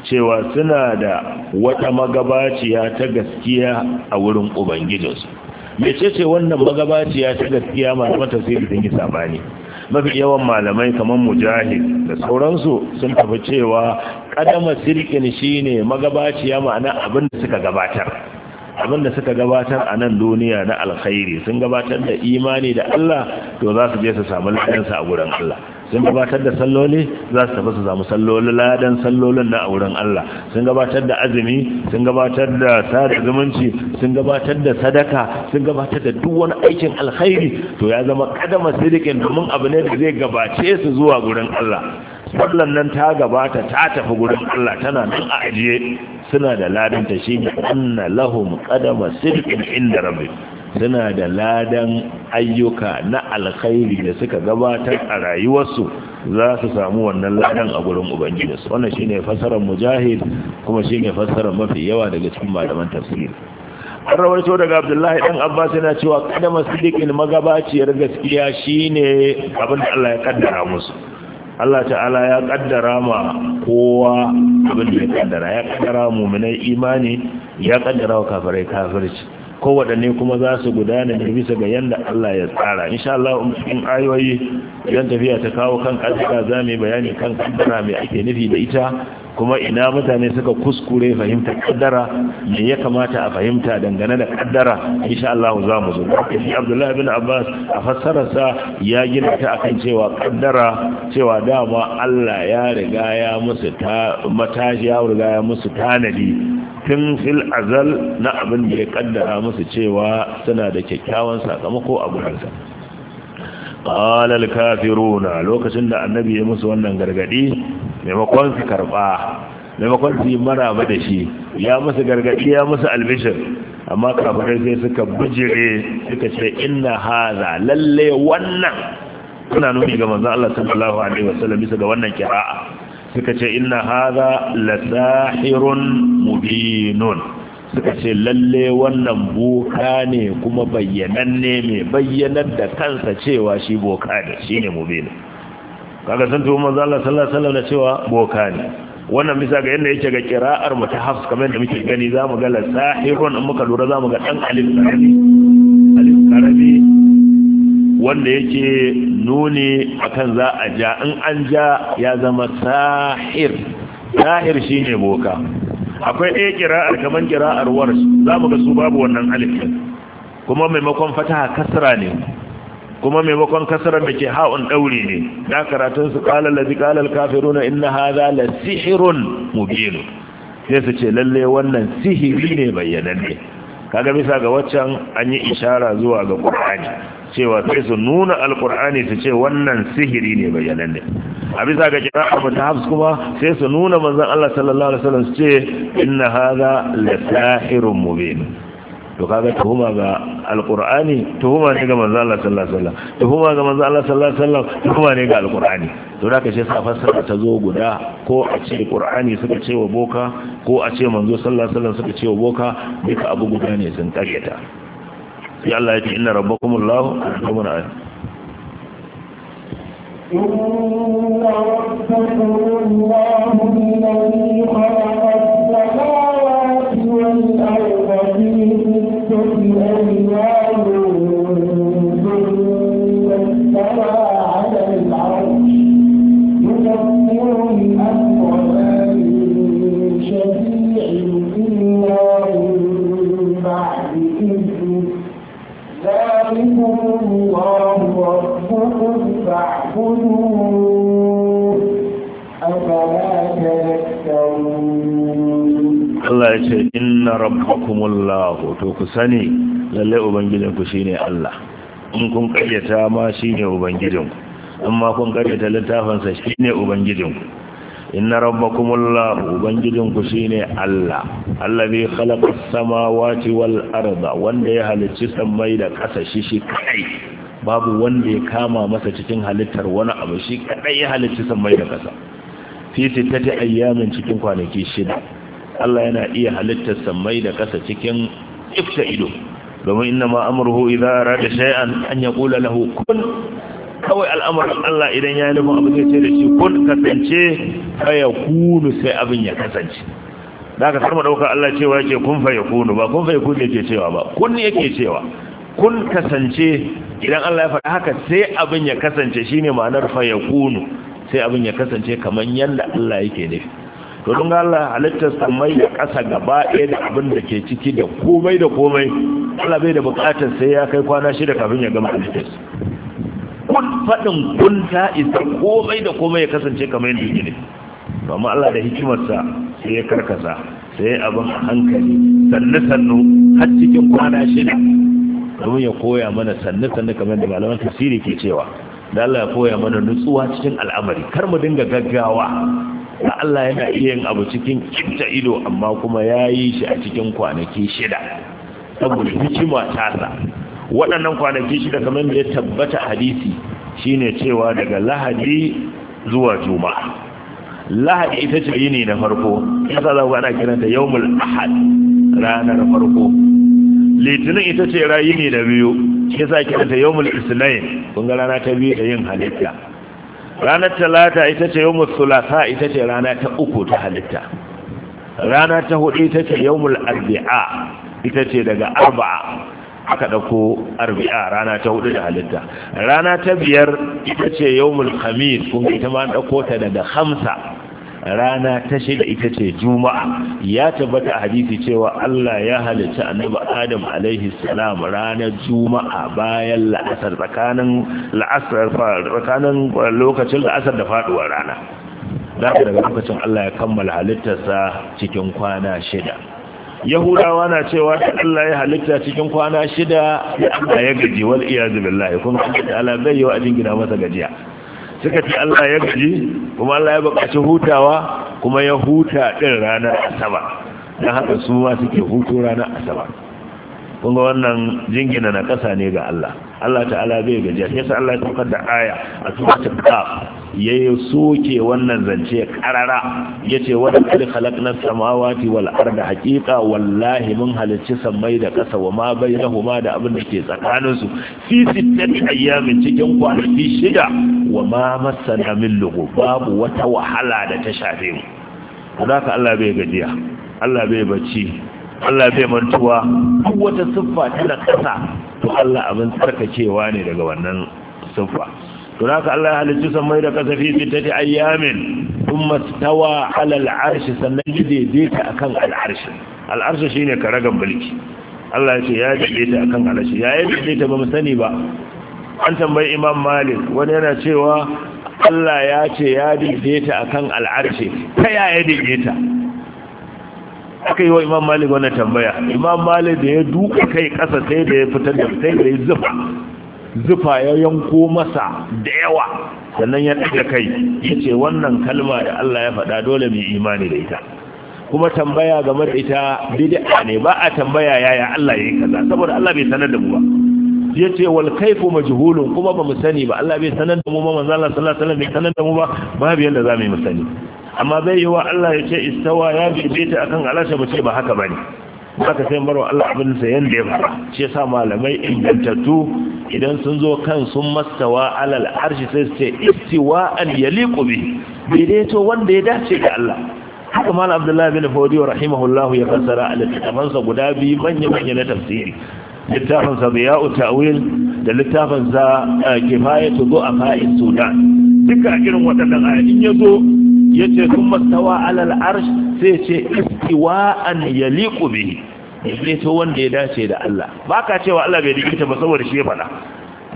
cewa suna da wata magabaciya ta gaskiya a wurin ubangijinsu mecece wannan magabaciya ta gaskiya masu mata sai da sabani mafi yawan malamai kamar mujahid da sauransu sun tafi cewa kadama sirkin shine magabaciya ma'ana abin da suka gabatar abin da suka gabatar a nan duniya na alkhairi sun gabatar da imani da Allah to za su je su samu lafiyansa a gurin Allah sun gabatar da salloli za su tafi su samu salloli ladan sallolin na auren Allah sun gabatar da azumi sun gabatar da sada zumunci sun gabatar da sadaka sun gabatar da duk wani aikin alkhairi to ya zama kadama sidikin domin abu ne da zai gabace su zuwa gurin Allah sallan nan ta gabata ta tafi gurin Allah tana nan a ajiye suna da ladan ta shi ne anna lahum qadama sidqin inda rabbihim suna da ladan ayyuka na alkhairi da suka gabatar a rayuwarsu za su samu wannan ladan a gurin ubangijinsu wannan shine fasarar mujahid kuma shine fasarar mafi yawa daga cikin malaman tafsir an rawaito daga abdullahi dan abbas yana cewa kada masidikin magabaciyar gaskiya shine abin da Allah ya kaddara musu Allah ta'ala ya kaddara ma kowa abin da ya kaddara ya kaddara mu'minai imani ya kaddara wa kafirai kafirci kowaɗanne kuma za su gudana ne bisa ga yadda Allah ya tsara insha Allah in ayoyi idan tafiya ta kawo kan kaddara za mu bayani kan kaddara mai ake nufi da ita kuma ina mutane suka kuskure fahimta kaddara me ya kamata a fahimta dangane da kaddara insha Allah za mu zo shi Abdullah bin Abbas a fassararsa ya gina ta akan cewa kaddara cewa dama Allah ya riga ya musu ta matashi ya riga ya musu tanadi tun fil azal na abin da ya kaddara musu cewa suna da kyakkyawan sakamako a gurinsa qalal kafiruna lokacin da annabi ya musu wannan gargadi maimakon su karba maimakon su yi maraba da shi ya musu gargadi ya musu albishir amma kafirai sai suka bijire suka ce inna haza lalle wannan suna nuni ga manzon Allah sallallahu alaihi wasallam bisa ga wannan kira'a suka ce inna hadha sahirun mubinun suka ce lalle wannan boka ne kuma ne mai bayyanar da kansa cewa shi boka ne shine mubinun kaga san to manzo Allah sallallahu alaihi wasallam da cewa boka ne wannan bisa ga yanda yake ga kira'ar mu ta hafs kamar yadda muke gani zamu ga lasahirun in muka lura zamu ga dan alif karami alif karami wanda yake nuni akan za a ja in an ja ya zama sahir sahir shine boka akwai ɗaya kira'ar kamar kira'ar wars za mu ga su babu wannan alifin kuma maimakon fataha kasra ne kuma maimakon kasra da ke ha'un ɗauri ne na karatun su ƙalar lazi ƙalar kafiruna inna haza la sihirun mubinu sai su ce lalle wannan sihiri ne bayyananne kaga bisa ga waccan an yi ishara zuwa ga ƙur'ani cewa sai su nuna alkur'ani su ce wannan sihiri ne bayanan ne a bisa ga kira abu ta hafs kuma sai su nuna manzan Allah sallallahu alaihi wasallam su ce inna hadha la sahirun mubin to kaga tuhuma ga alkur'ani tuhuma ne ga manzan Allah sallallahu alaihi wasallam tuhuma ga manzan Allah sallallahu alaihi wasallam tuhuma ne ga alkur'ani to da ce sa fassara ta zo guda ko a ce qur'ani suka ce wa boka ko a ce manzo sallallahu alaihi wasallam suka ce wa boka duka abu guda ne sun kasheta sai Allah ya ce inna rabbakumullahu rabbuna alim إن ربكم الله الذي خلق Allah ya ce, تذكرون الله to ku sani الله توكسني للي أبنجدكم شيني Allah, in kun karyata ma shine ubangijinku amma kun karyata littafinsa shine ubangijinku inna rabbakumullahu ubangijinku shine Allah allazi khalaqa as-samawati wal arda wanda ya halicci sammai da ƙasa shi shi kai babu wanda ya kama masa cikin halittar wani abu shi kadai ya halitta mai da kasa fi sittati ayyamin cikin kwanaki shida Allah yana iya halittar mai da kasa cikin ifta ido domin inna ma amruhu idza arada shay'an an yaqula lahu kun kawai al'amarin Allah idan ya nufin abu zai ce da shi kun kasance fa yakunu sai abin ya kasance da aka sarma ɗauka Allah cewa yake kun fa yakunu ba kun fa yakunu yake cewa ba kun yake cewa kun kasance idan Allah ya faɗa haka sai abin ya kasance shine ma'anar fa kunu. sai abin ya kasance kaman yanda Allah yake ne to don Allah halittar samai da ƙasa gaba ɗaya da abin da ke ciki da komai da komai Allah bai da buƙatar sai ya kai kwana shida kafin ya gama halitta kun faɗin kun ta isa komai da komai ya kasance kamar yadda yake ne amma Allah da hikimarsa sai ya karkasa sai abin hankali sannu sannu har cikin kwana shida domin ya koya mana sannu sannu kamar da malaman tasiri ke cewa da Allah ya koya mana nutsuwa cikin al'amari kar mu dinga gaggawa da Allah yana iya yin abu cikin kinta ido amma kuma ya yi shi a cikin kwanaki shida saboda hikima tasa waɗannan kwanaki shida kamar da ya tabbata hadisi shine cewa daga lahadi zuwa juma'a lahadi ita ce yini na farko kasa za ku ana kiranta yawmul ahad ranar farko litinin ita ce rayu ne da biyu shi sa ta yau isnain kun ga rana ta biyu da yin halitta ranar talata ita ce yawmul sulasa ita ce rana ta uku ta halitta rana ta hudu ita ce yawmul arbi'a ita ce daga arba'a aka dauko arbi'a rana ta hudu da halitta rana ta biyar ita ce yawmul khamis kun ita ma an dauko ta daga hamsa rana ta shida ita ce juma'a ya tabbata a hadisi cewa Allah ya halitta annabi Adam alaihi salam ranar juma'a bayan la'asar tsakanin la'asar tsakanin lokacin la'asar da faduwar rana ka daga lokacin Allah ya kammala halittarsa cikin kwana shida yahudawa na cewa da Allah ya halitta cikin kwana shida da Allah ya gaji wal iyazu billahi kuma Allah bai yi wa ajin gida masa gajiya suka ce Allah ya gaji kuma Allah ya bukaci hutawa kuma ya huta ɗin ranar Asaba. dan haka su ma suke hutu ranar Asaba. kun ga wannan jingina na kasa ne ga Allah Allah ta'ala bai gaji yasa Allah ya tukar da aya a suratul qaf ya soke wannan zance karara ya ce wadda kadi halaknar samawati wal arda hakika wallahi mun halicci samai da kasa wa ma bai huma da abin da ke tsakaninsu fi sittati ayyamin cikin kwanaki shida wa ma masana min lugu babu wata wahala da ta shafe mu ka Allah bai gajiya Allah bai bacci Allah bai mantuwa duk wata siffa ta kasa ƙasa to Allah abin tsarkakewa ne daga wannan siffa to haka Allah ya halicci mai da kasafi fi ayyamin thumma tawa ala al-arshi sannan ya daidaita akan al-arshi al-arshi shine karagan mulki Allah ya ce ya ta akan al-arshi ya ta ba mu sani ba an tambayi Imam Malik wani yana cewa Allah ya ce ya ta akan al-arshi ta ya ta aka yi wa imam malik wannan tambaya imam malik da ya duka kai kasa sai da ya fitar da sai da ya zuba zufa ya yanko masa da yawa sannan ya ɗaga kai yace wannan kalma da Allah ya faɗa dole mai imani da ita kuma tambaya game da ita bid'a ne ba a tambaya yaya Allah yayi kaza saboda Allah bai sanar da mu ba yace wal kaifu majhulun kuma ba mu sani ba Allah bai sanar da mu ba manzo Allah sallallahu alaihi wasallam bai sanar da mu ba babu yanda zamu yi mu sani amma zai yi wa Allah ya ce istawa ya bi bita akan alasha ba ce ba haka bane haka sai barwa Allah abin sa yanda ya fara shi yasa malamai ingantattu idan sun zo kan sun mastawa alal arshi sai su ce istiwa'an yaliqu bi Bidaito wanda ya dace ga Allah haka malam Abdullahi bin Fawdi rahimahullahu ya fassara a kitabun sa guda biyu manya manyan na tafsiri littafin sa biya'u ta'wil da littafin sa eh, kifayatu du'afa'is sudan duka irin waɗannan ayoyin yazo yace sun mastawa alal arshi sai ce istiwa'an yaliqu bihi to wanda ya dace da Allah baka cewa Allah bai dikita ba saboda shi fada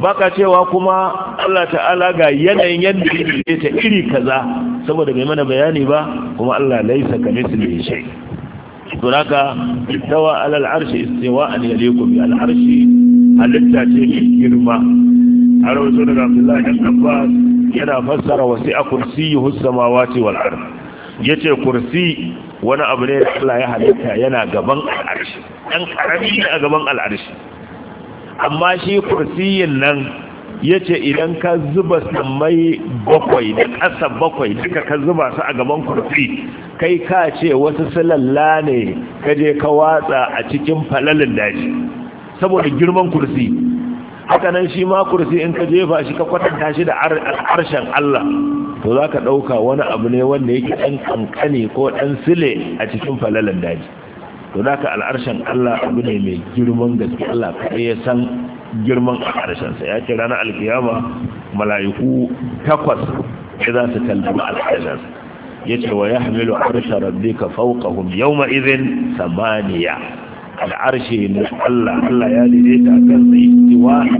baka cewa kuma Allah ta'ala ga yanayin yadda ya ta iri kaza saboda bai mana bayani ba kuma Allah laisa kamithlihi shay to haka istawa ala al-arshi istiwa'an yaliqu bi al-arshi halitta ce girma a rawaito daga Abdullahi ibn Abbas yana fassara wasi'a kursiyyuhu samawati wal-ardh ya ce kursi wani abu ne Allah ya halitta yana gaban al'arshi ɗan ƙarami a gaban al'arshi amma shi kursiyin nan ya ce idan ka zuba samai bakwai da ƙasa bakwai duka ka zuba su a gaban kursi kai ka ce wasu silalla ne ka je ka watsa a cikin falalin daji saboda girman kursi haka nan shi ma kursi in ka jefa shi ka kwatanta shi da harshen Allah to za ka ɗauka wani abu ne wanda yake ɗan kankane ko ɗan sile a cikin falalan daji to za ka al'arshen Allah abu ne mai girman gaske Allah kaɗai ya san girman al'arshensa ya ce ranar alkiyama mala'iku takwas ya za su kallama al'arshensa ya ce wa ya hamilu arshen rabbi ka fauƙahum yau ma'izin samaniya al'arshe na Allah Allah ya daidaita kan zai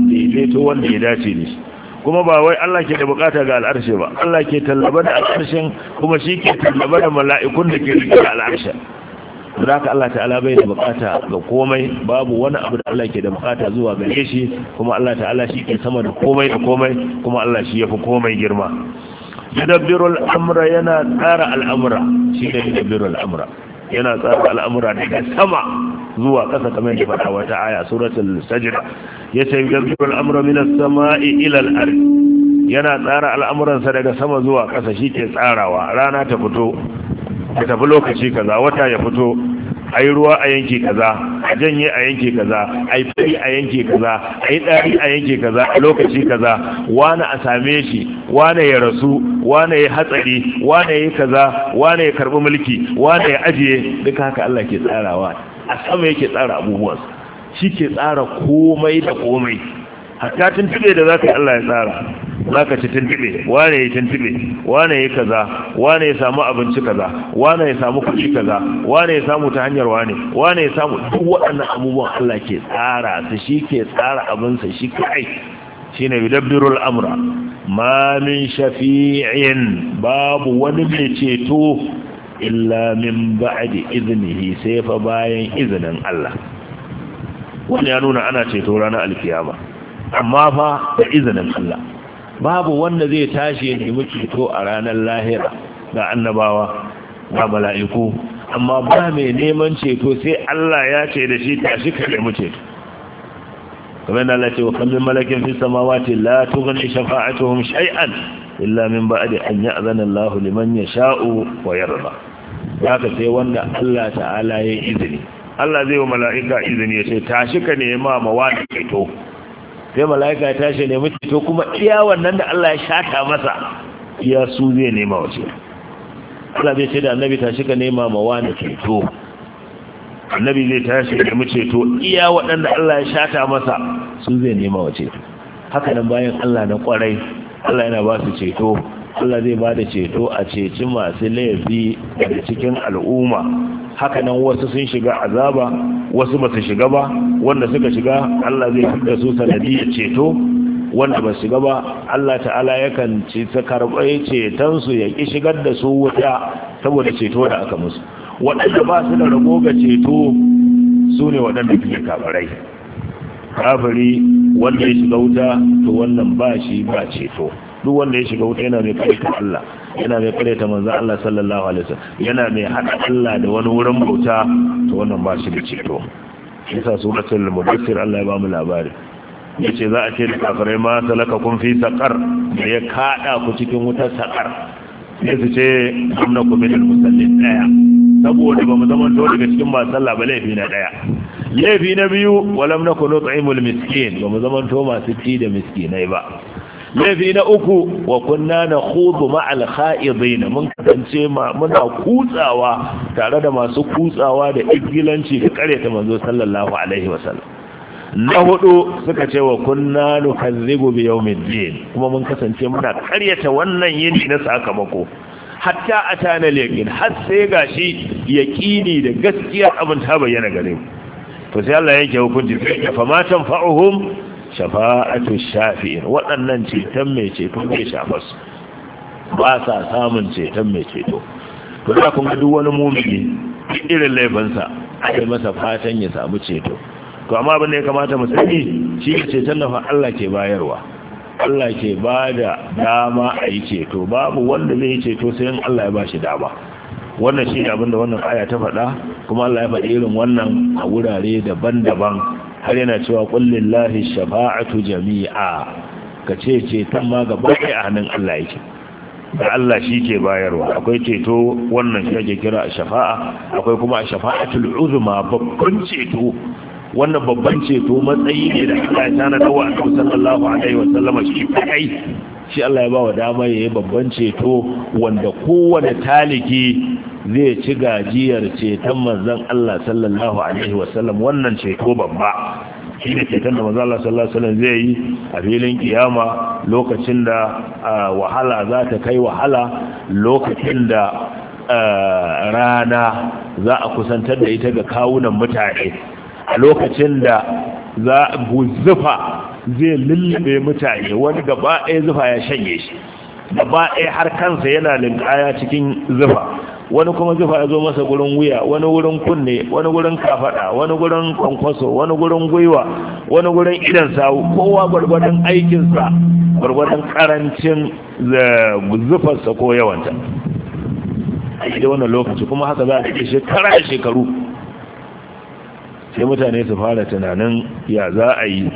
daidaito wanda ya dace ne kuma ba wai Allah ke da bukata ga al'arshe ba Allah ke tallaba da al'arshen kuma shi ke tallaba da mala'ikun da ke rike da al'arshen da Allah ta'ala bai da bukata ga komai babu wani abu da Allah ke da bukata zuwa gare shi kuma Allah ta'ala shi ke sama da komai da komai kuma Allah shi ya fi komai girma yadabbiru al'amra yana tsara al'amura, shi ne yadabbiru al'amra yana tsara al'amura daga sama zuwa ƙasa kamar da faɗa wata aya suratul sajda yace ya al-amra min as-sama'i ila al-ard yana tsara al'amuransa daga sama zuwa ƙasa shike tsarawa rana ta fito ta tafi lokaci kaza wata ya fito Ayi ruwa a yanki kaza a janye a yanki kaza yi fari a yanki kaza yi dari a yanki kaza a lokaci kaza wani a same shi wani ya rasu wani ya hatsari wani ya kaza wani ya karbi mulki wani ya ajiye duka haka Allah ke tsarawa a sama yake tsara abubuwansa, shi ke tsara komai da komai hatta tuntube da za ka yi Allah ya tsara za ka ci tuntube wane ya yi tuntube wane ya yi kaza wane ya samu abinci kaza wane ya samu kuci kaza wane ya samu ta hanyar wane wane ya samu duk waɗannan abubuwan Allah ke tsara su shi ke tsara abinsa shi kai shi ne yudabbirul amra ma min shafi'in babu wani mai ceto illa min ba'di iznihi sai bayan izinin Allah Wani ya nuna ana ceto ranar alkiyama amma fa da izinin Allah babu wanda zai tashi ya nemi ceto a ranar lahira ga annabawa ga mala'iku amma ba mai neman ceto sai Allah ya ce da shi tashi ka nemi ceto kamar da Allah ce wa kallin malakin fi samawati la tughni shafa'atuhum shay'an illa min ba'di an ya'zana Allahu liman yasha'u wa yarda zaka sai wanda Allah ta'ala ya izini Allah zai wa mala'ika izini ya ce tashi ka nema ma wani ceto sai mala'ika ya tashi nemi ceto kuma iya wannan da Allah ya shata masa iya su zai nema wace Allah zai ce da annabi tashi ka nema ma wani ceto annabi zai tashi da mu ceto iya waɗanda Allah ya shata masa su zai nema wa ceto haka nan bayan Allah na kwarai Allah yana ba su ceto Allah zai ba da ceto a ceci masu laifi a cikin al'umma hakanan wasu sun shiga azaba wasu ba su shiga ba wanda suka shiga Allah zai fitar su sanadiyar ceto wanda ba shiga ba Allah ta'ala yakan ci ta karɓai cetonsu ya ƙi shigar da su wuta saboda ceto da aka musu waɗanda ba su da rago ga ceto su ne waɗanda fiye kabarai kafiri wanda ya shiga wuta to wannan ba shi ba ceto duk wanda ya shiga wuta yana mai kareta Allah yana mai kareta manzo Allah sallallahu alaihi wasallam yana mai hada Allah da wani wurin bauta to wannan ba shi da ceto yasa suratul mudaththir Allah ya ba mu labari yace za a ce da kafirai ma salaka kun fi saqar da ya kada ku cikin wutar saqar yace su ce amna ku min musallin daya saboda ba mu zama to daga cikin ba sallah ba laifi na daya laifi na biyu walam nakunu ta'imul miskin ba mu zama to masu ci da miskinai ba laifi na uku wa kunna na khudu ma'al kha'idina mun kasance muna kutsawa tare da masu kutsawa da igilanci da kareta manzo sallallahu alaihi wasallam na hudu suka ce wa kunna nukazzibu bi yawmiddin kuma mun kasance muna karyata wannan yini na sakamako hatta atana yakin har sai gashi yaqini da gaskiya abin ta bayyana gare mu to sai Allah yake hukunci fa ma tanfa'uhum shafa'atu shafi'in waɗannan ceton mai ceton bai shafas ba sa samun ceton mai ceto to da kun duk wani mumini duk irin laifinsa kai masa fatan ya samu ceto to amma abin da ya kamata mu sani shi ceton da fa Allah ke bayarwa Allah ke ba da dama a yi ceto babu wanda zai ceto sai in Allah ya ba shi dama wannan shi abin da wannan aya ta faɗa kuma Allah ya faɗi irin wannan a wurare daban-daban har yana cewa kullillahi shafa'atu jami'a ka ce ce tan ma gaba ɗaya a hannun Allah yake da Allah shi ke bayarwa akwai ceto wannan shi ake kira shafa'a akwai kuma shafa'atul uzma babban ceto wannan babban ceto matsayi ne da Allah ya tana dawa a sallallahu alaihi wa sallama shi kai shi Allah ya ba wa dama yayi babban ceto wanda kowane taliki zai ci gajiyar ceton manzan Allah sallallahu alaihi wasallam wannan ceto babba shi ne ceton da manzan Allah sallallahu alaihi wasallam zai yi a filin kiyama lokacin da wahala za ta kai wahala lokacin da rana za a kusantar da ita ga kawunan mutane a lokacin da za zufa zai lullube mutane wani gaba ɗaya zufa ya shanye shi gaba ɗaya har kansa yana linkaya cikin zufa wani kuma zufa ya zo masa gurin wuya wani gurin kunne wani gurin kafada wani gurin kwankwaso wani gurin gwiwa wani gurin idan sawu kowa gwargwadon aikinsa gwargwadon karancin eh, zufarsa ko yawanta a shi wannan lokaci kuma haka za a ɗauki shekara da shekaru sai mutane su fara tunanin ya za a yi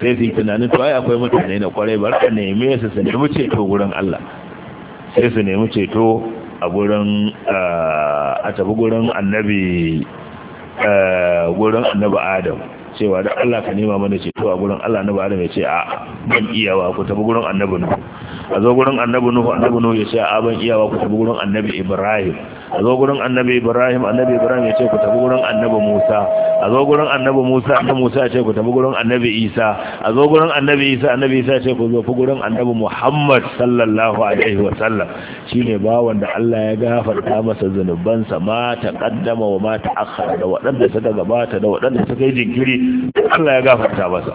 sai su yi tunanin to ai akwai mutane na kwarai bar a neme su su nemi ceto gurin Allah sai su nemi ceto a gurin tafi gurin annabi gurin annabi adam cewa da Allah ka nema mana to a gurin Allah annabi adam ya ce a ban iyawa ku tafi gurin annabi nuhu a zo gurin annabi nuhu annabi nuhu ya ce a ban iyawa ku tafi gurin annabi ibrahim a zo gurin annabi ibrahim annabi ibrahim ya ce ku tafi gurin annabi musa a zo gurin annabi musa annabi musa ya ce ku tafi gurin annabi isa a zo gurin annabi isa annabi isa ya ce ku zo gurin annabi muhammad sallallahu alaihi wa sallam shine bawan da Allah ya gafarta masa zunubansa ma ta kaddama wa ma ta akhara da waɗanda suka gabata da waɗanda suka yi jinkiri Allah ya gafarta masa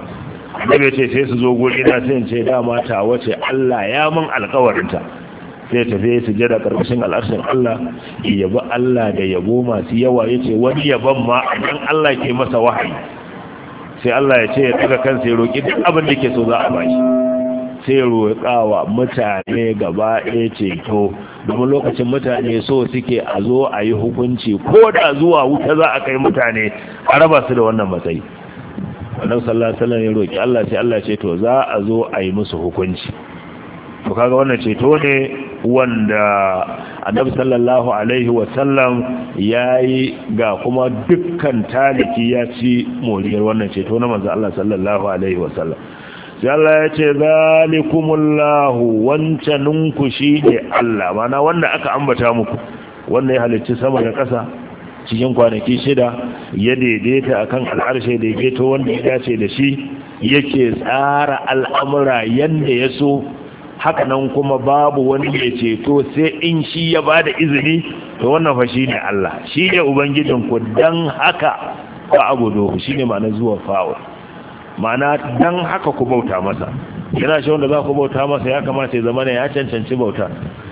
annabi ce sai su zo gori na sai ce dama ta wace Allah ya mun alƙawarinta sai ta sai su jira karkashin al'arshin Allah ya Allah da yabo masu yawa yace wani yaban ma dan Allah ke masa wahayi sai Allah ya ce ya daga kansa ya roki duk abin da ke so za a bashi sai ya roƙawa mutane gaba ɗaya ceto domin lokacin mutane so suke a zo a yi hukunci ko da zuwa wuta za a kai mutane a raba su da wannan matsayi wannan sallallahu alaihi wasallam ya roki Allah sai Allah ce to za a zo a yi musu hukunci to kaga wannan ceto ne wanda annabi sallallahu alaihi wasallam yayi ga kuma dukkan taliki ya ci moriyar wannan ceto na manzo Allah sallallahu alaihi wasallam sai Allah ya ce zalikumullahu wancaninku shi ne Allah mana wanda aka ambata muku wanda ya halicci sama da ƙasa cikin kwanaki shida ya daidaita akan al'arshe to wanda ya dace da shi yake tsara al'amura yadda ya so haka nan kuma babu wani ya ceto sai in shi ya ba da izini to wannan fa shi ne Allah shi ne Ubangijinku don haka ba a gudu shi ne ma'ana zuwa fawa. ma'ana dan haka ku bauta masa yana shi wanda za ku bauta masa ya kamata ya zama ne, ya cancanci bauta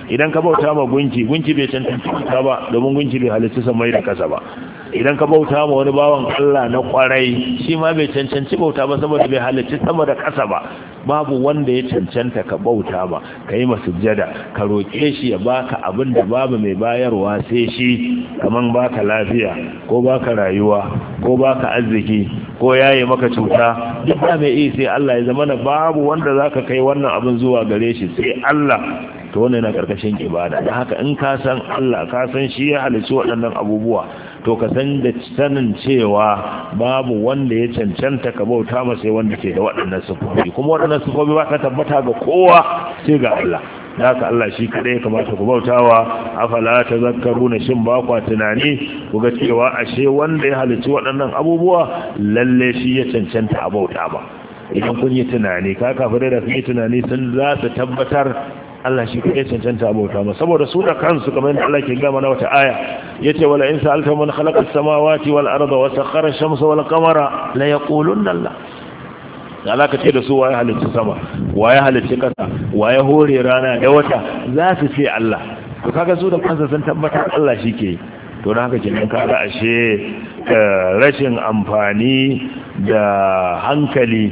idan ka bauta ma gunki gunki bai cancanta ba domin gunki bai halitta sama da kasa ba idan ka bauta ma wani bawan Allah na kwarai shi ma bai cancanci bauta ba saboda bai halitta sama da ƙasa ba babu wanda ya cancanta ka bauta ba, ka yi masujjada ka roƙe shi ya baka abin da babu mai bayarwa sai shi kaman baka lafiya ko baka rayuwa ko baka arziki ko yaye maka cuta duk da mai iya sai Allah ya zama babu wanda zaka kai wannan abin zuwa gare shi sai Allah to wannan yana karkashin ibada dan haka in ka san Allah ka san shi ya halicci waɗannan abubuwa to ka san da sanin cewa babu wanda ya cancanta ka bauta masa sai wanda ke da waɗannan sifofi kuma waɗannan sifofi ba ka tabbata ga kowa sai ga Allah da haka Allah shi kadai ya kamata ku bautawa afala ta shin ba ku tunani ku ga cewa ashe wanda ya halicci waɗannan abubuwa lalle shi ya cancanta a bauta ba idan kun yi tunani ka kafa da kun yi tunani sun za su tabbatar Allah shi ya cancanta abota ma saboda su da kansu kamar yadda Allah ke gama na wata aya yace wala in sa'alta man khalaqa as-samawati wal arda wa sakhara ash-shamsa wal qamara la yaqulunna Allah da Allah ka ce da su waye halitta sama waye halitta kasa waye hore rana da wata za su ce Allah to kaga su da kansu sun tabbatar Allah shi ke to dan haka kenan kaga ashe eh, rashin amfani da hankali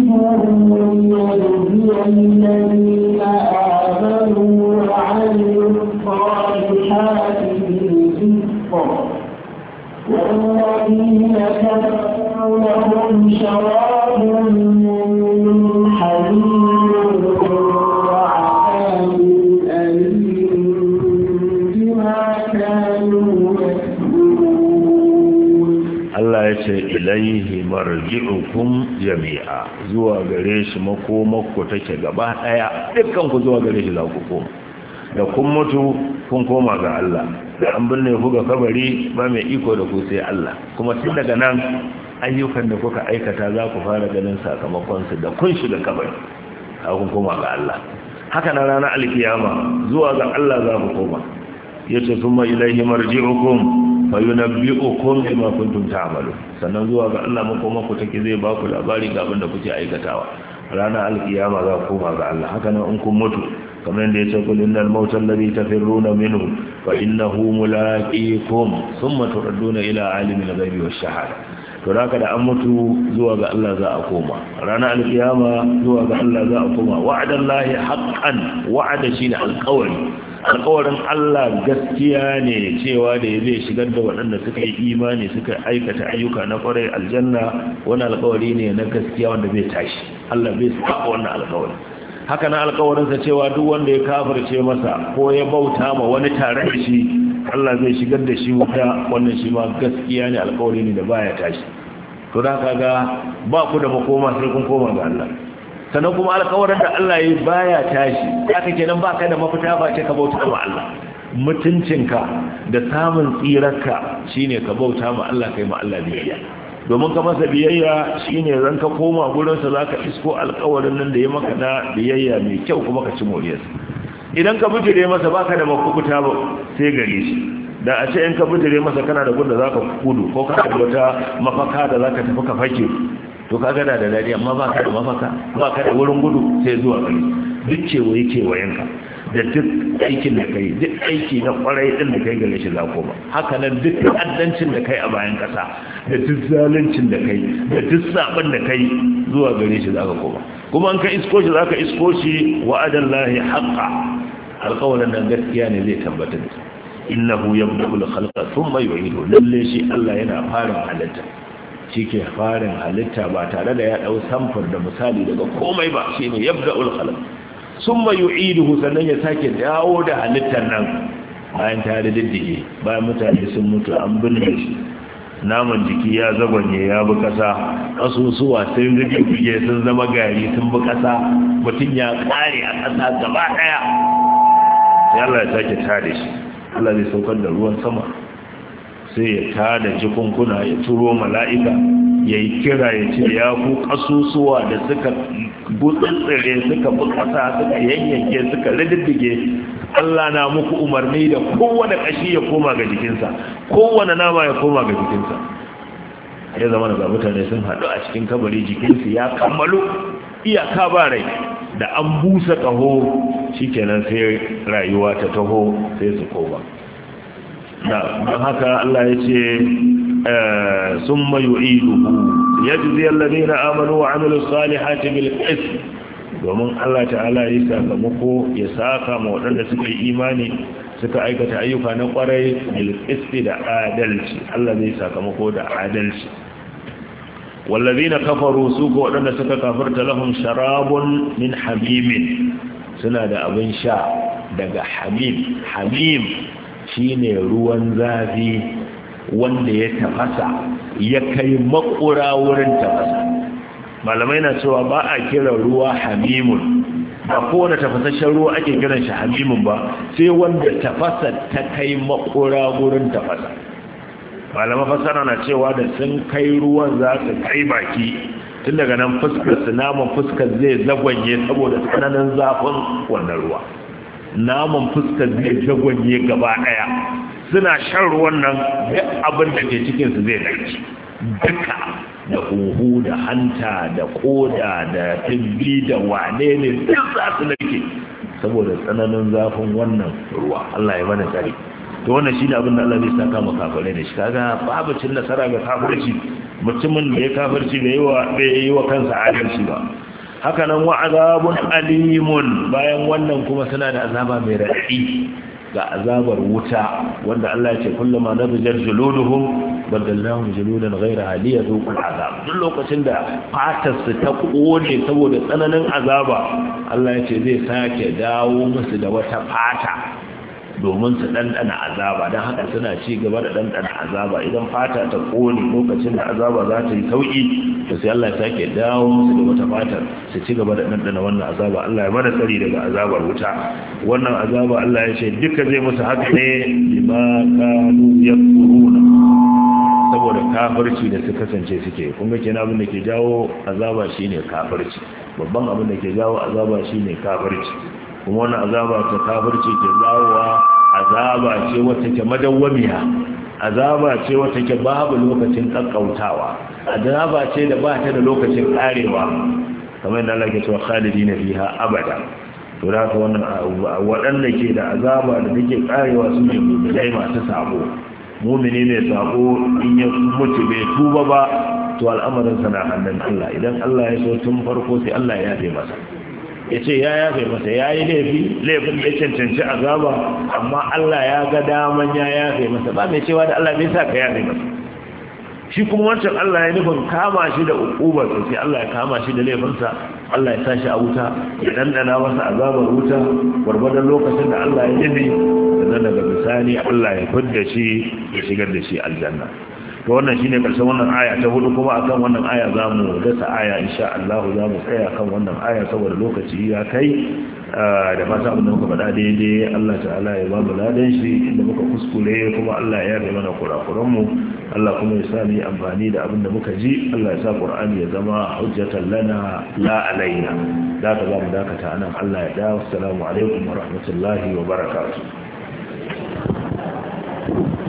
Kun Allah ya ce jami'a zuwa gare shi makomakku take gaba ɗaya dukkan ku zuwa gare shi za ku koma da kun mutu kun koma ga Allah da an binne ku kabari ba mai iko da ku sai Allah kuma tun daga nan ayyukan da kuka aikata za ku fara ganin sakamakon sakamakonsu da kun shiga kabari a kun koma ga Allah haka na ranar alkiyama zuwa ga Allah za ku koma yace thumma ilayhi marji'ukum yunabbi'ukum bima kuntum ta'malu sannan zuwa ga Allah koma ku take zai ba ku labari ga abin da kuke aikatawa rana alkiyama za ku koma ga Allah haka nan in kun mutu kamar da ya ce kul innal mauta alladhi runa minu. fa innahu mulaqikum thumma turadduna ila alimil ghaibi wash shahara to da da an mutu zuwa ga Allah za a koma ranar alkiyama zuwa ga Allah za a koma wa'adan lahi haƙƙan wa'ada ne alqawli alkawarin Allah gaskiya ne cewa da zai shigar da waɗanda suka yi imani suka aikata ayyuka na kwarai aljanna wani alkawari ne na gaskiya wanda bai tashi Allah bai saba wannan alkawari haka na alkawarinsa cewa duk wanda ya kafirce masa ko ya bauta ma wani tare da shi Allah zai shigar da shi wuta wannan shi ma gaskiya ne alkawari ne da baya tashi to da kaga ba ku da makoma sai kun koma ga Allah sannan kuma alkawarin da Allah ya baya tashi haka kenan ba kai da mafita ba ce ka bauta ma Allah mutuncinka da samun tsirarka shine ka bauta ma Allah kai ma Allah biyayya domin ka masa biyayya shine zan ka koma gurinsa za ka isko alkawarin nan da ya maka na biyayya mai kyau kuma ka ci moriyarsa idan ka bijire masa ba ka da makukuta ba sai gare shi da a ce in ka bijire masa kana da za ka kudu ko ka da wata mafaka da za ka tafi ka fake to ka gada da dadi amma ba ka da mafaka ka da wurin gudu sai zuwa gari duk kewaye kewayenka da duk aikin da kai duk aiki na kwarai din da kai gare shi za ko ba. haka nan duk addancin da kai a bayan kasa da duk zalincin da kai da duk sabon da kai zuwa gare shi za ka ba. kuma an ka isko shi za ka isko shi wa'adan lahi haqqa alqawlan nan gaskiya ne zai tabbata da innahu yabda'u al-khalqa thumma yu'idu lalle shi Allah yana fara halitta shike farin halitta ba tare da ya dau samfur da misali daga komai ba shine yabda'ul khalq sun mayu iduhu sannan ya sake dawo da halittar nan bayan ta diddige bayan mutane sun mutu an binne shi naman jiki ya zagwanye ya bi kasa ƙasusuwa sun rigirgije sun zama gari sun bi kasa mutum ya kare a kasa gaba ɗaya sai Allah ya sake tare shi Allah zai saukar da ruwan sama sai ya tada jikunkuna ya turo mala'ika ya yi kira ya ce ya ku ƙasusuwa da suka tsire suka bukasa suka yanyanke suka rididdige Allah na muku umarni da kowane ƙashi ya koma ga jikinsa kowane nama ya koma ga jikinsa A ya zama da mutane sun haɗu a cikin kabari jikinsu ya kammalu iyaka ba rai da an busa ƙaho kenan sai rayuwa ta taho sai su koma da haka Allah ya ce eh, sun mayu iduhu ya ji ziyar lalina amalu wa amalu salihati bil is domin Allah ta'ala yi sakamako ya saka ma waɗanda suka yi imani suka aikata ayyuka na ƙwarai mil qisti da adalci Allah zai sakamako da adalci na kafaru su ko waɗanda suka kafirta lahun sharabun min habimin suna da abin sha daga hamim hamim shine ruwan zafi wanda ya tafasa ya kai makura wurin tafasa malamai na cewa ba a kira ruwa hamimun ba kowane tafasashen ruwa ake kiran shi hamimun ba sai wanda tafasa ta kai makura wurin tafasa malama fasara na cewa da sun kai ruwan za su kai baki tun daga nan fuskar naman fuskar zai zagwanye saboda tsananin zafin wannan ruwa naman fuskar zai jagwanye gaba daya suna shan ruwan nan duk abin da ke cikin su zai dace duka da huhu da hanta da koda da tibbi da wane ne duk za su narke saboda tsananin zafin wannan ruwa Allah ya mana tsari to wannan shine abin da Allah zai saka maka kafare da shi kaga babu cin nasara ga kafirci mutumin da ya kafirci bai yi wa kansa adalci ba haka nan wa alimun bayan wannan kuma suna da azaba mai raɗi ga azabar wuta wanda Allah ya ce na nabjar juluduhum badallahum juludan gaira aliya zuqul azab duk lokacin da fatar su ta kone saboda tsananin azaba Allah ya ce zai sake dawo musu da wata fata domin su ɗanɗana azaba don haka suna ci gaba da ɗanɗana azaba idan fata ta ƙone lokacin da azaba za ta yi sauƙi da sai Allah ta ke dawo su da wata fatar su ci gaba da ɗanɗana wannan azaba Allah ya mara tsari daga azabar wuta wannan azaba Allah ya ce duka zai musu haka ne lima kanu kuruna saboda kafarci da su kasance suke kuma ga kenan abin da ke jawo azaba shine kafirci babban abin da ke jawo azaba shine kafarci. kuma wani azaba ta kafirce ke zawowa azaba ce wata ke madawwamiya azaba ce wata ke babu lokacin kakkautawa azaba ce da ba ta da lokacin karewa kamar da Allah ke cewa khalidina fiha abada to da ka wannan waɗanda ke da azaba da take karewa su ne mu'minai masu sabo mu'mini mai sabo in ya mutu bai tuba ba to al'amarin sa na hannun Allah idan Allah ya so tun farko sai Allah ya yafe masa ya ce ya yafe masa ya yi laifi laifin da cancanci azaba amma Allah ya ga daman ya yafe masa ba mai cewa da Allah bai sa ka yafe masa shi kuma wancan Allah ya nufin kama shi da ukubar sai Allah ya kama shi da laifinsa Allah ya sa shi a wuta ya dandana masa azabar wuta gwargwadon lokacin da Allah ya ne sannan daga misali Allah ya fudda shi ya shigar da shi aljanna to wannan shine karshen wannan aya ta hudu kuma akan wannan aya zamu dasa aya insha Allah zamu tsaya kan wannan aya saboda lokaci ya kai ah, da fata abin da muka faɗa daidai Allah ta'ala ya ba mu ladan shi inda muka kuskure kuma Allah ya yi mana kurakuran mu Allah kuma ya sa ni amfani da abin da muka ji Allah ya sa Qur'ani ya zama hujjatan lana la alaina da ka zamu dakata anan Allah ya da assalamu alaikum wa rahmatullahi wa barakatuh